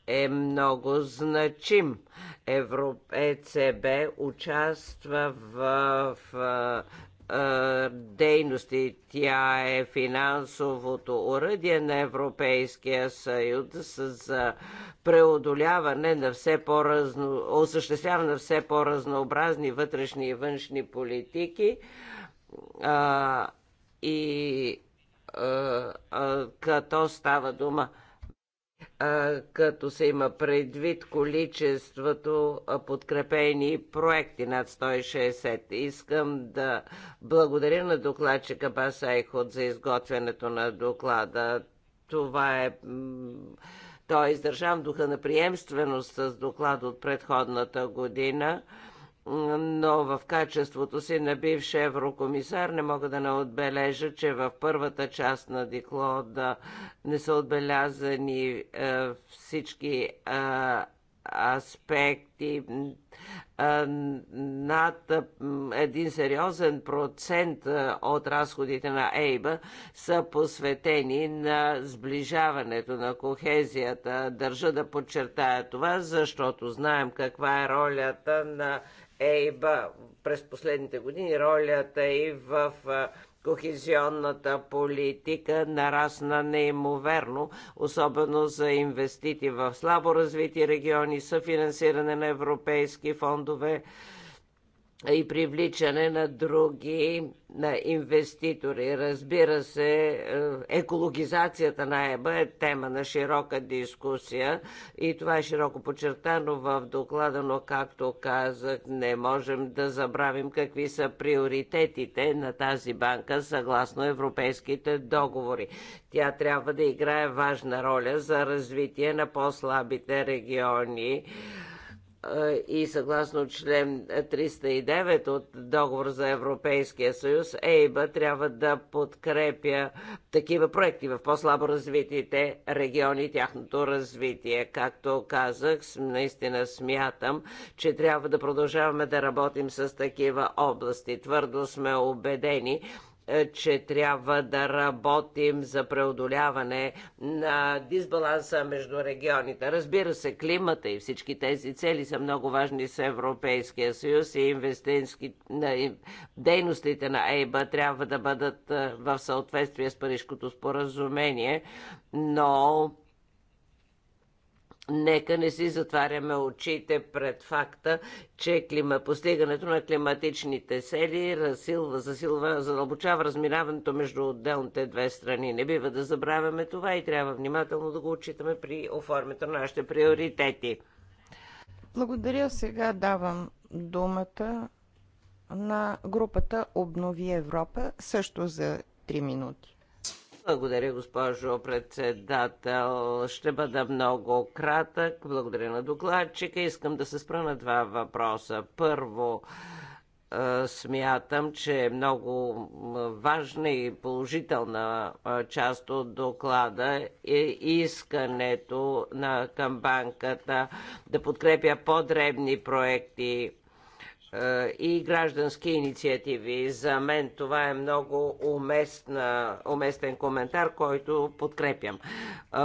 е много значим. Европ... ЕЦБ участва в, в дейности. Тя е финансовото уръдие на Европейския съюз за преодоляване на все по-разно, осъществяване на все по-разнообразни вътрешни и външни политики а, и като става дума като се има предвид количеството подкрепени проекти над 160. Искам да благодаря на докладчика Басайхот за изготвянето на доклада. Това е... Той е издържава духа на приемственост с доклад от предходната година но в качеството си на бивш еврокомисар не мога да не отбележа, че в първата част на диклода не са отбелязани е, всички е, аспекти е, над един сериозен процент от разходите на Ейба са посветени на сближаването на кохезията. Държа да подчертая това, защото знаем каква е ролята на ЕИБА през последните години, ролята и в Кохезионната политика нарасна неимоверно, особено за инвестити в слабо развити региони, съфинансиране на европейски фондове, и привличане на други на инвеститори. Разбира се, е, екологизацията на ЕБА е тема на широка дискусия и това е широко подчертано в доклада, но както казах, не можем да забравим какви са приоритетите на тази банка съгласно европейските договори. Тя трябва да играе важна роля за развитие на по-слабите региони и съгласно член 309 от договор за Европейския съюз, ЕИБА трябва да подкрепя такива проекти в по-слабо развитите региони, тяхното развитие. Както казах, наистина смятам, че трябва да продължаваме да работим с такива области. Твърдо сме убедени, е, че трябва да работим за преодоляване на дисбаланса между регионите. Разбира се, климата и всички тези цели са много важни с Европейския съюз и инвестински дейностите на ЕИБА трябва да бъдат е, в съответствие с Парижското споразумение, но Нека не си затваряме очите пред факта, че клима, постигането на климатичните сели разсилва, засилва, задълбочава разминаването между отделните две страни. Не бива да забравяме това и трябва внимателно да го отчитаме при оформята на нашите приоритети. Благодаря. Сега давам думата на групата Обнови Европа, също за 3 минути. Благодаря, госпожо председател. Ще бъда много кратък. Благодаря на докладчика. Искам да се спра на два въпроса. Първо, е, смятам, че е много важна и положителна е, част от доклада е искането на, към банката да подкрепя по-дребни проекти е, и граждански инициативи. За мен това е много уместна, уместен коментар, който подкрепям.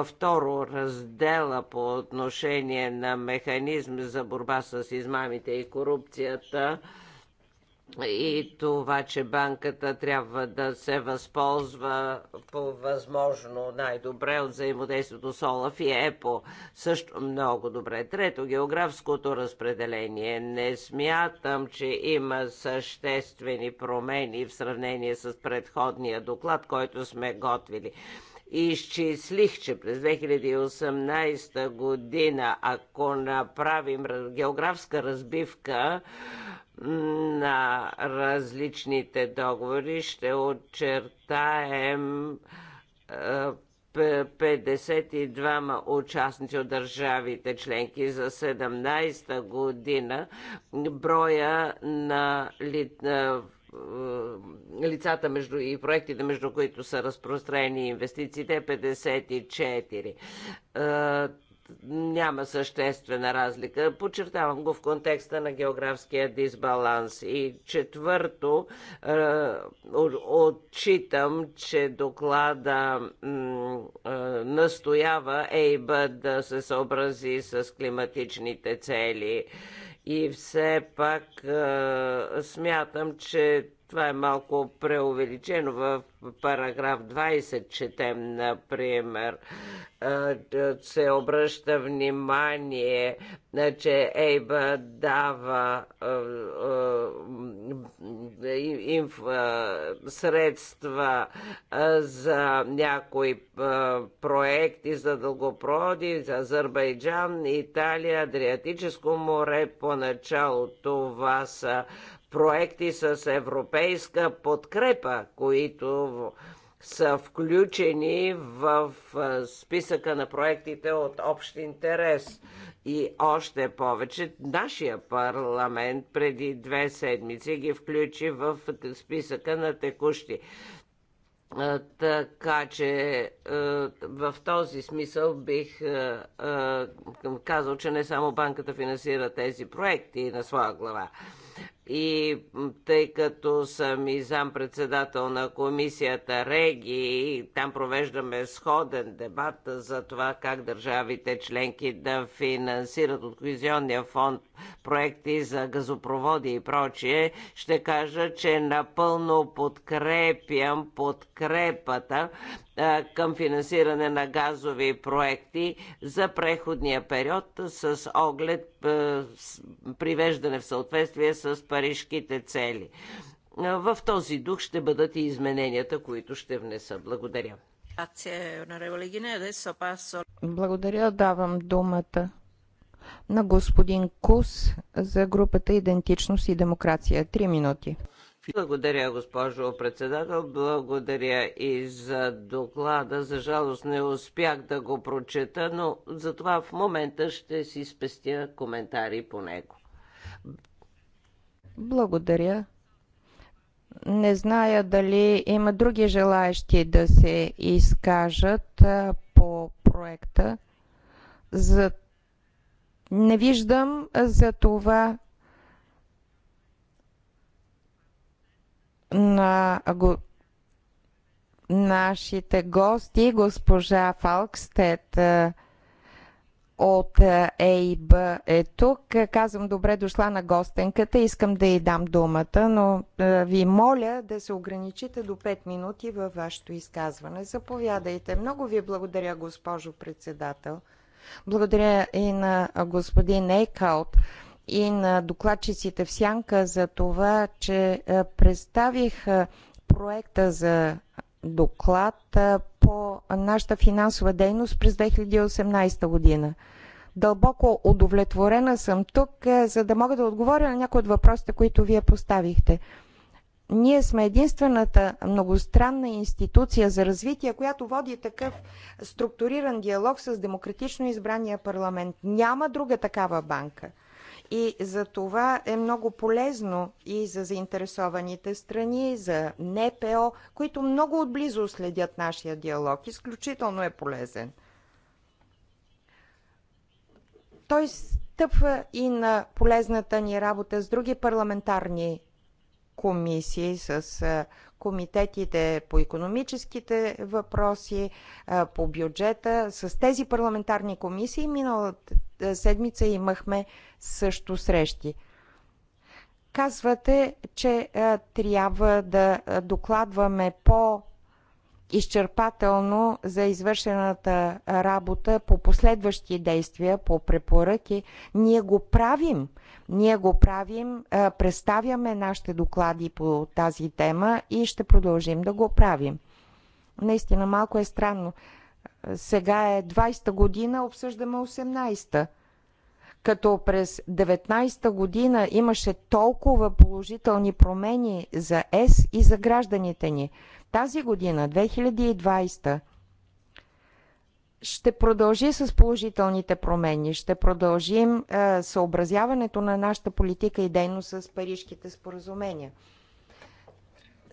Второ, раздела по отношение на механизм за борба с измамите и корупцията – и това, че банката трябва да се възползва по възможно най-добре от взаимодействието с Олаф и ЕПО. Също много добре. Трето, географското разпределение. Не смятам, че има съществени промени в сравнение с предходния доклад, който сме готвили изчислих, че през 2018 година, ако направим географска разбивка на различните договори, ще очертаем 52 е, участници от държавите членки за 17 година. Броя на, лит, на е, лицата между, и проектите, между които са разпространени инвестициите, 54. Е е, няма съществена разлика. Подчертавам го в контекста на географския дисбаланс. И четвърто, отчитам, че доклада настоява ЕИБ да се съобрази с климатичните цели. И все пак смятам, че това е малко преувеличено. В параграф 20 четем, например, се обръща внимание, че Ейба дава средства за някои проекти за дългопроди, за Азербайджан, Италия, Адриатическо море. Поначало това са проекти с европейска подкрепа, които са включени в списъка на проектите от общ интерес. И още повече, нашия парламент преди две седмици ги включи в списъка на текущи. Така че в този смисъл бих казал, че не само банката финансира тези проекти на своя глава. И тъй като съм и зам-председател на комисията Реги, там провеждаме сходен дебат за това как държавите членки да финансират от Кохезионния фонд проекти за газопроводи и прочие, ще кажа, че напълно подкрепям подкрепата към финансиране на газови проекти за преходния период с оглед привеждане в съответствие с парижките цели. В този дух ще бъдат и измененията, които ще внеса. Благодаря. Благодаря, давам думата на господин Кус за групата Идентичност и демокрация. Три минути. Благодаря, госпожо председател. Благодаря и за доклада. За жалост не успях да го прочета, но затова в момента ще си спестя коментари по него. Благодаря. Не зная дали има други желаящи да се изкажат по проекта. За... Не виждам за това на го... нашите гости, госпожа Фалкстед, от ЕИБ е тук. Казвам добре дошла на гостенката. Искам да й дам думата, но е, ви моля да се ограничите до 5 минути във вашето изказване. Заповядайте. Много ви благодаря, госпожо председател. Благодаря и на господин Ейкаут и на докладчиците в Сянка за това, че е, представих е, проекта за доклад по нашата финансова дейност през 2018 година. Дълбоко удовлетворена съм тук, за да мога да отговоря на някои от въпросите, които вие поставихте. Ние сме единствената многостранна институция за развитие, която води такъв структуриран диалог с демократично избрания парламент. Няма друга такава банка – и за това е много полезно и за заинтересованите страни, за НПО, които много отблизо следят нашия диалог. Изключително е полезен. Той стъпва и на полезната ни работа с други парламентарни комисии, с комитетите по економическите въпроси, по бюджета. С тези парламентарни комисии миналата е, седмица имахме също срещи. Казвате, че е, трябва да е, докладваме по изчерпателно за извършената работа по последващи действия, по препоръки. Ние го правим. Ние го правим, представяме нашите доклади по тази тема и ще продължим да го правим. Наистина малко е странно. Сега е 20-та година, обсъждаме 18-та. Като през 19-та година имаше толкова положителни промени за ЕС и за гражданите ни. Тази година, 2020 ще продължи с положителните промени. Ще продължим е, съобразяването на нашата политика и дейност с парижките споразумения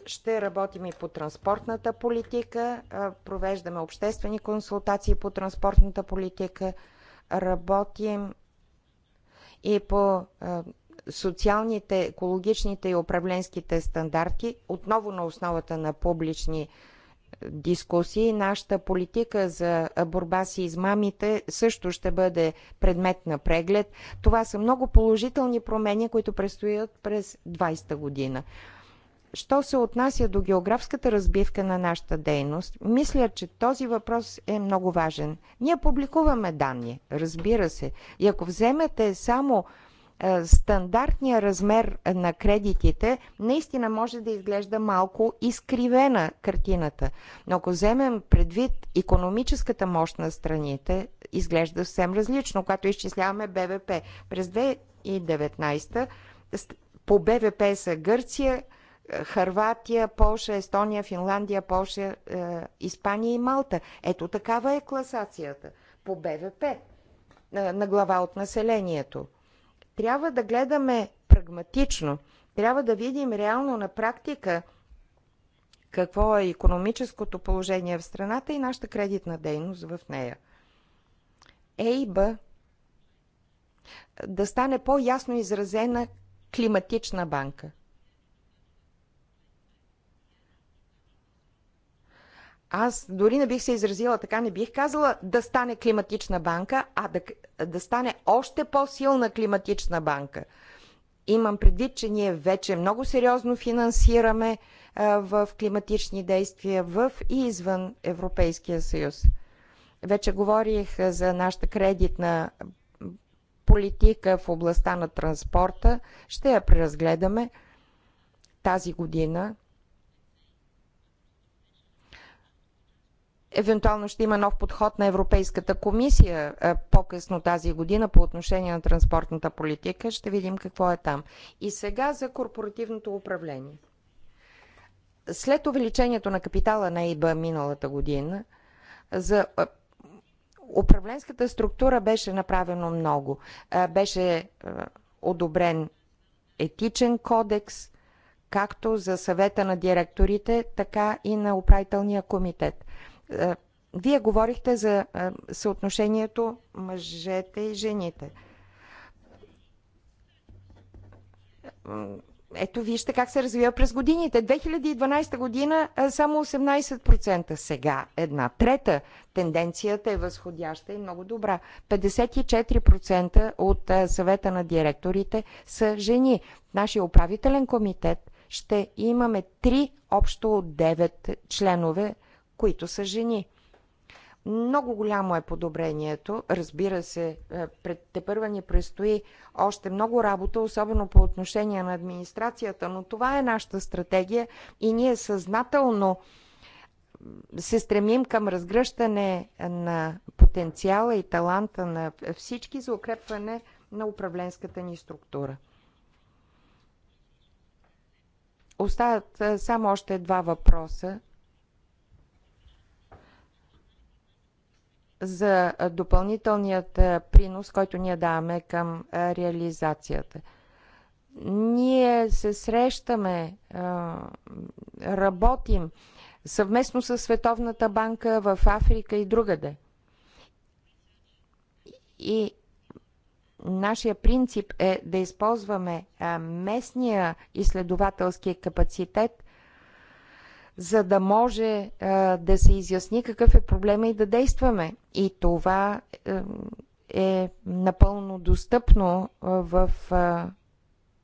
ще работим и по транспортната политика. Провеждаме обществени консултации по транспортната политика. Работим и по социалните, екологичните и управленските стандарти, отново на основата на публични дискусии. Нашата политика за борба с измамите също ще бъде предмет на преглед. Това са много положителни промени, които предстоят през 20-та година. Що се отнася до географската разбивка на нашата дейност, мисля, че този въпрос е много важен. Ние публикуваме данни, разбира се. И ако вземете само е, стандартния размер на кредитите, наистина може да изглежда малко изкривена картината. Но ако вземем предвид економическата мощ на страните, изглежда съвсем различно, когато изчисляваме БВП. През 2019 по БВП са Гърция, Харватия, Полша, Естония, Финландия, Полша, е, Испания и Малта. Ето такава е класацията по БВП е, на глава от населението. Трябва да гледаме прагматично, трябва да видим реално на практика какво е економическото положение в страната и нашата кредитна дейност в нея. Ейба е, да стане по-ясно изразена климатична банка – Аз дори не бих се изразила така, не бих казала да стане климатична банка, а да, да стане още по-силна климатична банка. Имам предвид, че ние вече много сериозно финансираме а, в климатични действия в и извън Европейския съюз. Вече говорих за нашата кредитна политика в областта на транспорта. Ще я преразгледаме тази година Евентуално ще има нов подход на Европейската комисия по-късно тази година по отношение на транспортната политика. Ще видим какво е там. И сега за корпоративното управление. След увеличението на капитала на ИБА миналата година, за управленската структура беше направено много. Беше одобрен етичен кодекс, както за съвета на директорите, така и на управителния комитет – е, вие говорихте за е, съотношението мъжете и жените. Ето вижте как се развива през годините. 2012 година е, само 18%, сега една трета. Тенденцията е възходяща и много добра. 54% от съвета на директорите са жени. нашия управителен комитет ще имаме 3 общо от 9 членове които са жени. Много голямо е подобрението. Разбира се, е, пред те първа ни предстои още много работа, особено по отношение на администрацията, но това е нашата стратегия и ние съзнателно се стремим към разгръщане на потенциала и таланта на всички за укрепване на управленската ни структура. Остават е, само още два въпроса за допълнителният принос, който ние даваме към реализацията. Ние се срещаме, работим съвместно с Световната банка в Африка и другаде. И нашия принцип е да използваме местния изследователски капацитет за да може а, да се изясни какъв е проблема и да действаме. И това е, е напълно достъпно а, в а,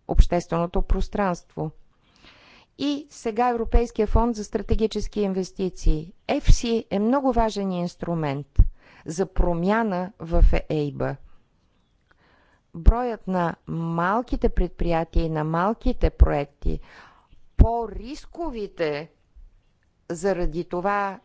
общественото пространство. И сега Европейския фонд за стратегически инвестиции. ЕФСИ е много важен инструмент за промяна в ЕИБА. Броят на малките предприятия и на малките проекти, по-рисковите заради това,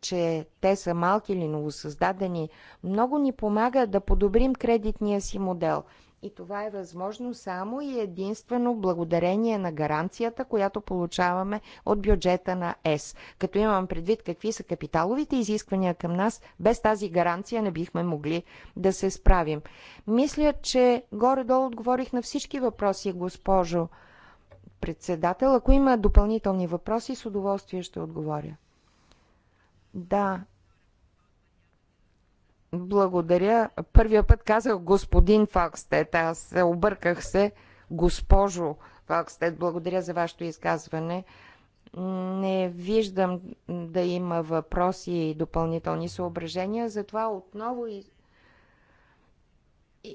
че те са малки или новосъздадени, много ни помага да подобрим кредитния си модел. И това е възможно само и единствено благодарение на гаранцията, която получаваме от бюджета на ЕС. Като имам предвид какви са капиталовите изисквания към нас, без тази гаранция не бихме могли да се справим. Мисля, че горе-долу отговорих на всички въпроси, госпожо председател. Ако има допълнителни въпроси, с удоволствие ще отговоря. Да. Благодаря. Първия път казах господин Фокстет. Аз се обърках се. Госпожо Фокстет, благодаря за вашето изказване. Не виждам да има въпроси и допълнителни съображения, затова отново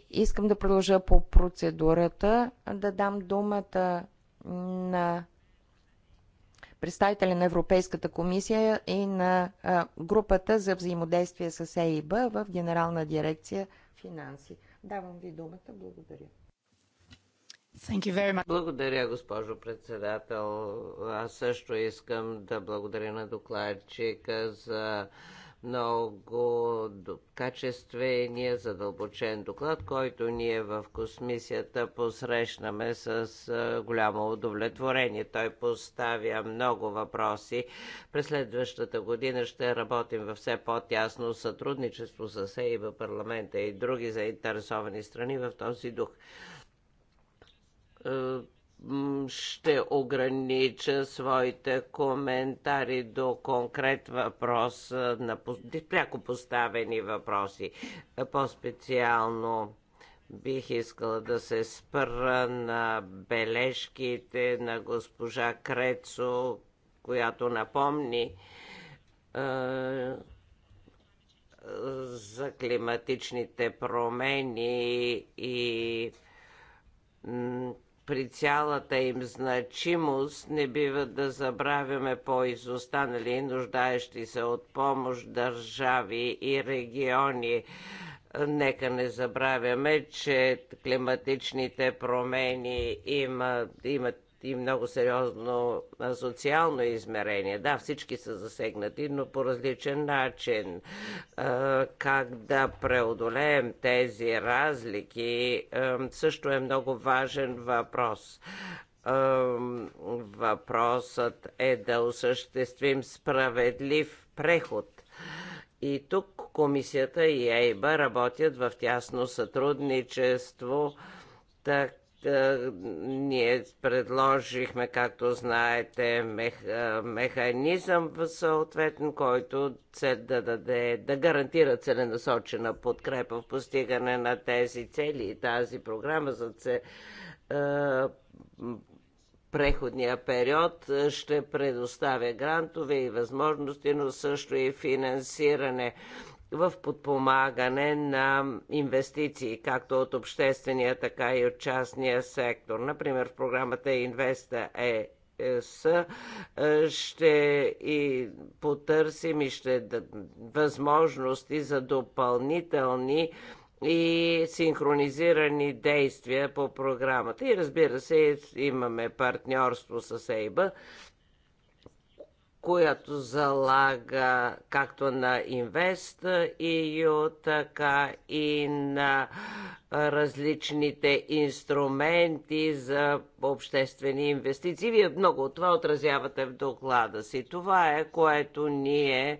искам да продължа по процедурата, да дам думата на представителя на Европейската комисия и на групата за взаимодействие с ЕИБ в Генерална дирекция финанси. Давам ви думата. Благодаря. Thank you very much. Благодаря, госпожо председател. Аз също искам да благодаря на докладчика за много качествения, задълбочен доклад, който ние в космисията посрещнаме с голямо удовлетворение. Той поставя много въпроси. През следващата година ще работим във все по-тясно сътрудничество с ЕИБ, парламента и други заинтересовани страни в този дух е, ще огранича своите коментари до конкрет въпрос на пряко поставени въпроси. По-специално бих искала да се спра на бележките на госпожа Крецо, която напомни за климатичните промени и при цялата им значимост не бива да забравяме по-изостанали и нуждаещи се от помощ държави и региони. Нека не забравяме, че климатичните промени имат, имат и много сериозно социално измерение. Да, всички са засегнати, но по различен начин. Как да преодолеем тези разлики също е много важен въпрос въпросът е да осъществим справедлив преход. И тук комисията и ЕИБА работят в тясно сътрудничество, така е, ние предложихме, както знаете, е, механизъм в съответен, който да, даде, да гарантира целенасочена подкрепа в постигане на тези цели и тази програма за це, е, преходния период ще предоставя грантове и възможности, но също и финансиране в подпомагане на инвестиции, както от обществения, така и от частния сектор. Например, в програмата Инвеста е, е ще и потърсим и ще възможности за допълнителни и синхронизирани действия по програмата. И разбира се, имаме партньорство с Ейба, която залага както на Инвест EU, така и на различните инструменти за обществени инвестиции. Вие много от това отразявате в доклада си. Това е, което ние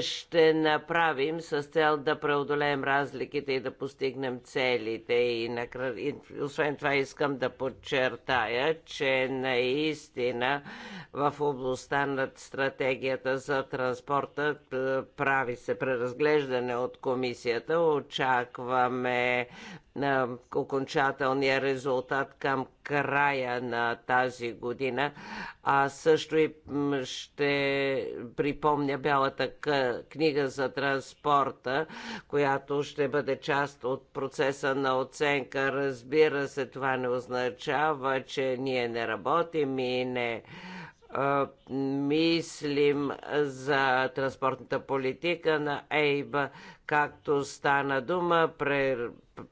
ще направим с цел да преодолеем разликите и да постигнем целите. И, накра... и освен това искам да подчертая, че наистина в областта на стратегията за транспорта е, прави се преразглеждане от комисията. Очакваме на е, окончателния резултат към края на тази година. А също и ще припомня бялата къща книга за транспорта, която ще бъде част от процеса на оценка. Разбира се, това не означава, че ние не работим и не мислим за транспортната политика на Ейба, както стана дума,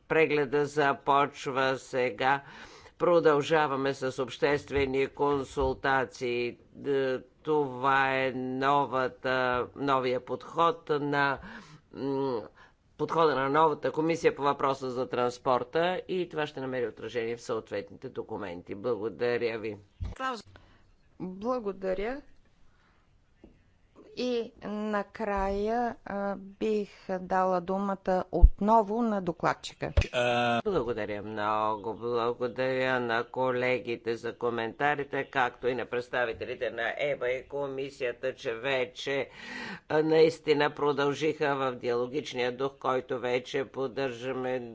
прегледа започва сега Продължаваме с обществени консултации. Е, това е новата, новия подход на подхода на новата комисия по въпроса за транспорта и това ще намери отражение в съответните документи. Благодаря ви. Благодаря. И накрая а, бих дала думата отново на докладчика. Благодаря много. Благодаря на колегите за коментарите, както и на представителите на ЕБА и комисията, че вече наистина продължиха в диалогичния дух, който вече поддържаме.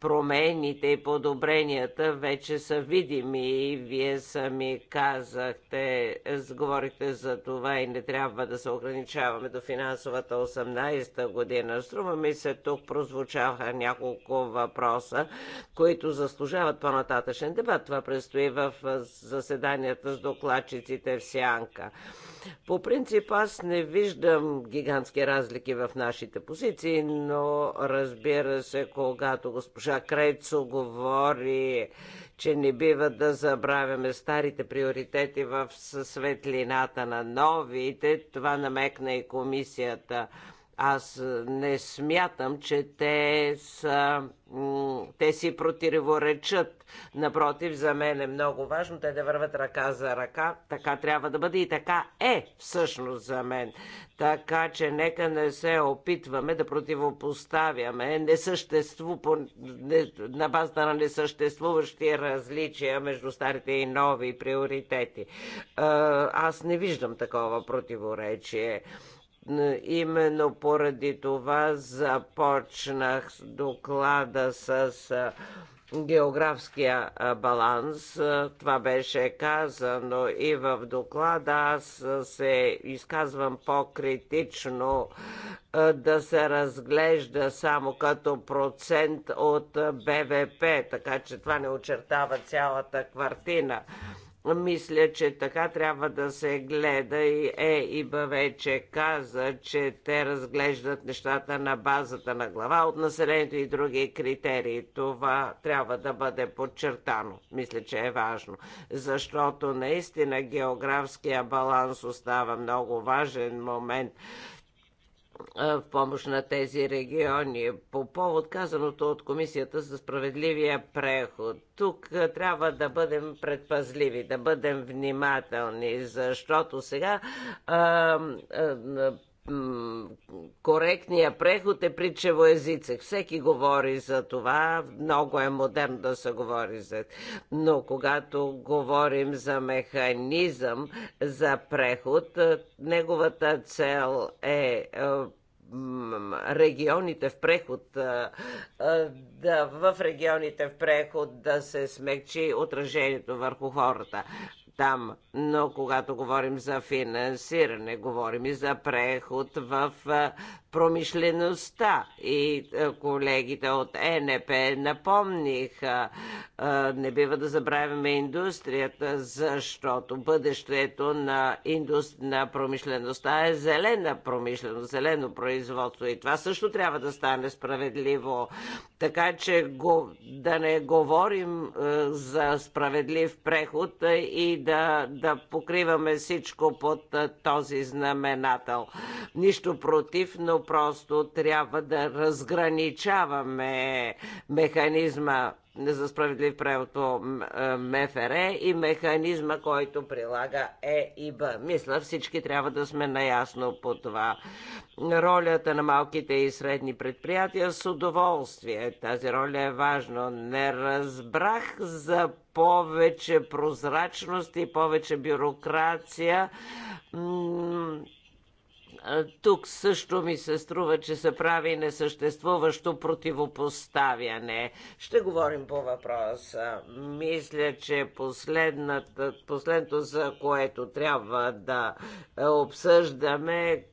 Промените и подобренията вече са видими и вие сами казахте, сговорихте за това и не трябва да се ограничаваме до финансовата 18-та година. Струва ми се, тук прозвучаха няколко въпроса, които заслужават по-нататъчен дебат. Това предстои в заседанията с докладчиците в Сянка. По принцип аз не виждам гигантски разлики в нашите позиции, но разбира се, когато госпожа Крейцо говори, че не бива да забравяме старите приоритети в светлината на новите, това намекна и комисията. Аз не смятам, че те, са, те си противоречат. Напротив, за мен е много важно те да върват ръка за ръка. Така трябва да бъде и така е всъщност за мен. Така че нека не се опитваме да противопоставяме несъществу, не, на базата на несъществуващи различия между старите и нови приоритети. Аз не виждам такова противоречие. Именно поради това започнах доклада с географския баланс. Това беше казано и в доклада. Аз се изказвам по-критично да се разглежда само като процент от БВП, така че това не очертава цялата квартина. Мисля, че така трябва да се гледа и Е и Б вече каза, че те разглеждат нещата на базата на глава от населението и други критерии. Това трябва да бъде подчертано. Мисля, че е важно, защото наистина географския баланс остава много важен момент в помощ на тези региони. По повод казаното от Комисията за справедливия преход, тук трябва да бъдем предпазливи, да бъдем внимателни, защото сега а, а, коректния преход е притчево езицех. Всеки говори за това, много е модерно да се говори за Но когато говорим за механизъм за преход, неговата цел е регионите в преход, да, в регионите в преход да се смекчи отражението върху хората там. Но когато говорим за финансиране, говорим и за преход в промишлеността. И е, колегите от ЕНП напомниха, е, не бива да забравяме индустрията, защото бъдещето на, индуст... на промишлеността е зелена промишленост, зелено производство. И това също трябва да стане справедливо. Така че го... да не говорим е, за справедлив преход и да, да покриваме всичко под този знаменател. Нищо против, но просто трябва да разграничаваме механизма за справедлив превод по МФР е, и механизма, който прилага ЕИБ. Мисля, всички трябва да сме наясно по това. Ролята на малките и средни предприятия с удоволствие. Тази роля е важна. Не разбрах за повече прозрачност и повече бюрокрация тук също ми се струва, че се прави несъществуващо противопоставяне. Ще говорим по въпроса. Мисля, че последното, за което трябва да е, обсъждаме, е,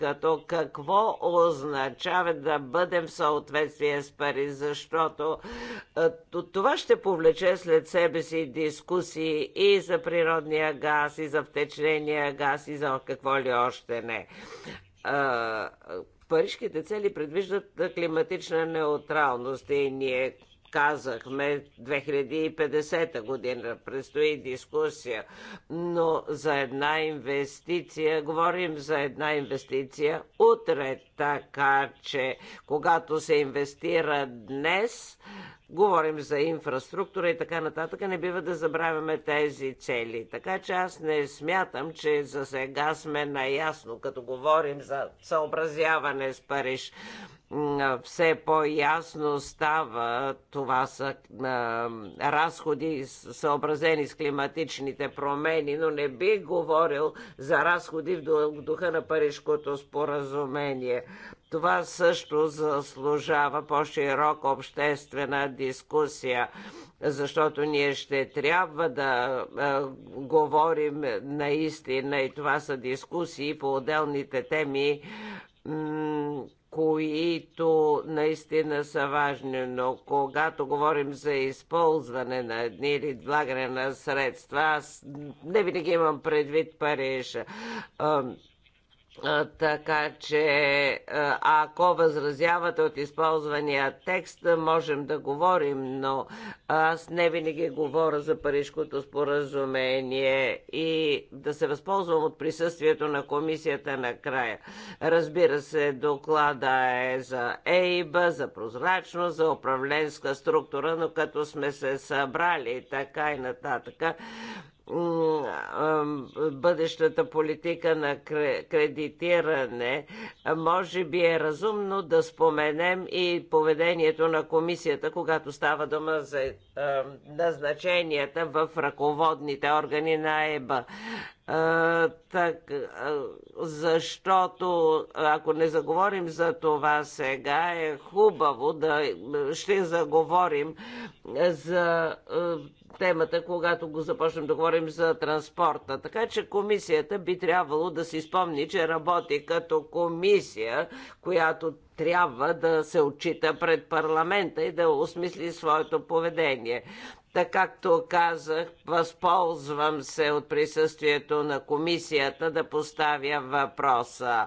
като какво означава да бъдем в съответствие с Пари, защото е, това ще повлече след себе си дискусии и за природния газ, и за втечнения газ, и за какво ли още не. Е, е, парижките цели предвиждат климатична неутралност и ние казахме 2050 година. Предстои дискусия, но за една инвестиция, говорим за една инвестиция утре, така че когато се инвестира днес, Говорим за инфраструктура и така нататък. Не бива да забравяме тези цели. Така че аз не смятам, че за сега сме наясно, като говорим за съобразяване с Париж все по-ясно става това са а, разходи съобразени с климатичните промени, но не би говорил за разходи в духа на Парижкото споразумение. Това също заслужава по-широка обществена дискусия, защото ние ще трябва да е, говорим наистина и това са дискусии по отделните теми, които наистина са важни, но когато говорим за използване на едни или влагане на средства, аз не винаги имам предвид Париж така че ако възразявате от използвания текст, можем да говорим, но аз не винаги говоря за Парижкото споразумение и да се възползвам от присъствието на комисията накрая. Разбира се, доклада е за ЕИБА, за прозрачност, за управленска структура, но като сме се събрали така и нататък, бъдещата политика на кредитиране, може би е разумно да споменем и поведението на комисията, когато става дума за назначенията в ръководните органи на ЕБА. Так, защото ако не заговорим за това сега, е хубаво да ще заговорим за темата, когато го започнем да говорим за транспорта. Така че комисията би трябвало да си спомни, че работи като комисия, която трябва да се отчита пред парламента и да осмисли своето поведение. Така както казах, възползвам се от присъствието на комисията да поставя въпроса.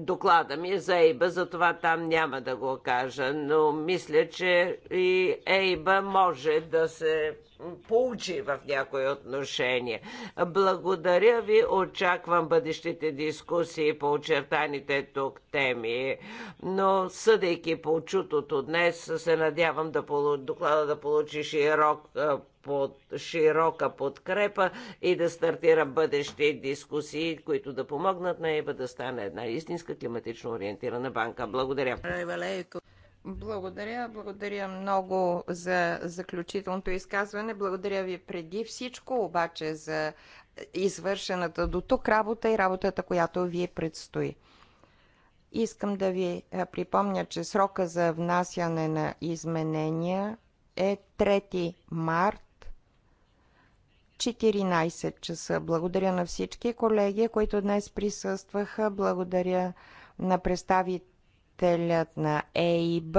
Доклада ми е за Ейба, затова там няма да го кажа, но мисля, че и Ейба може да се получи в някои отношения. Благодаря ви, очаквам бъдещите дискусии по очертаните тук теми, но съдейки по чутото днес, се надявам да полу... доклада да получи широк под широка подкрепа и да стартира бъдещи дискусии, които да помогнат на ЕБА да стане една истинска климатично ориентирана банка. Благодаря. Благодаря, благодаря много за заключителното изказване. Благодаря ви преди всичко обаче за извършената до тук работа и работата, която ви предстои. Искам да ви припомня, че срока за внасяне на изменения е 3 март 14 часа. Благодаря на всички колеги, които днес присъстваха. Благодаря на представителите представителят на ЕИБ,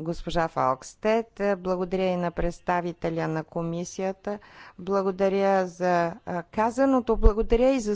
госпожа Фалкстед. Благодаря и на представителя на комисията. Благодаря за казаното. Благодаря и за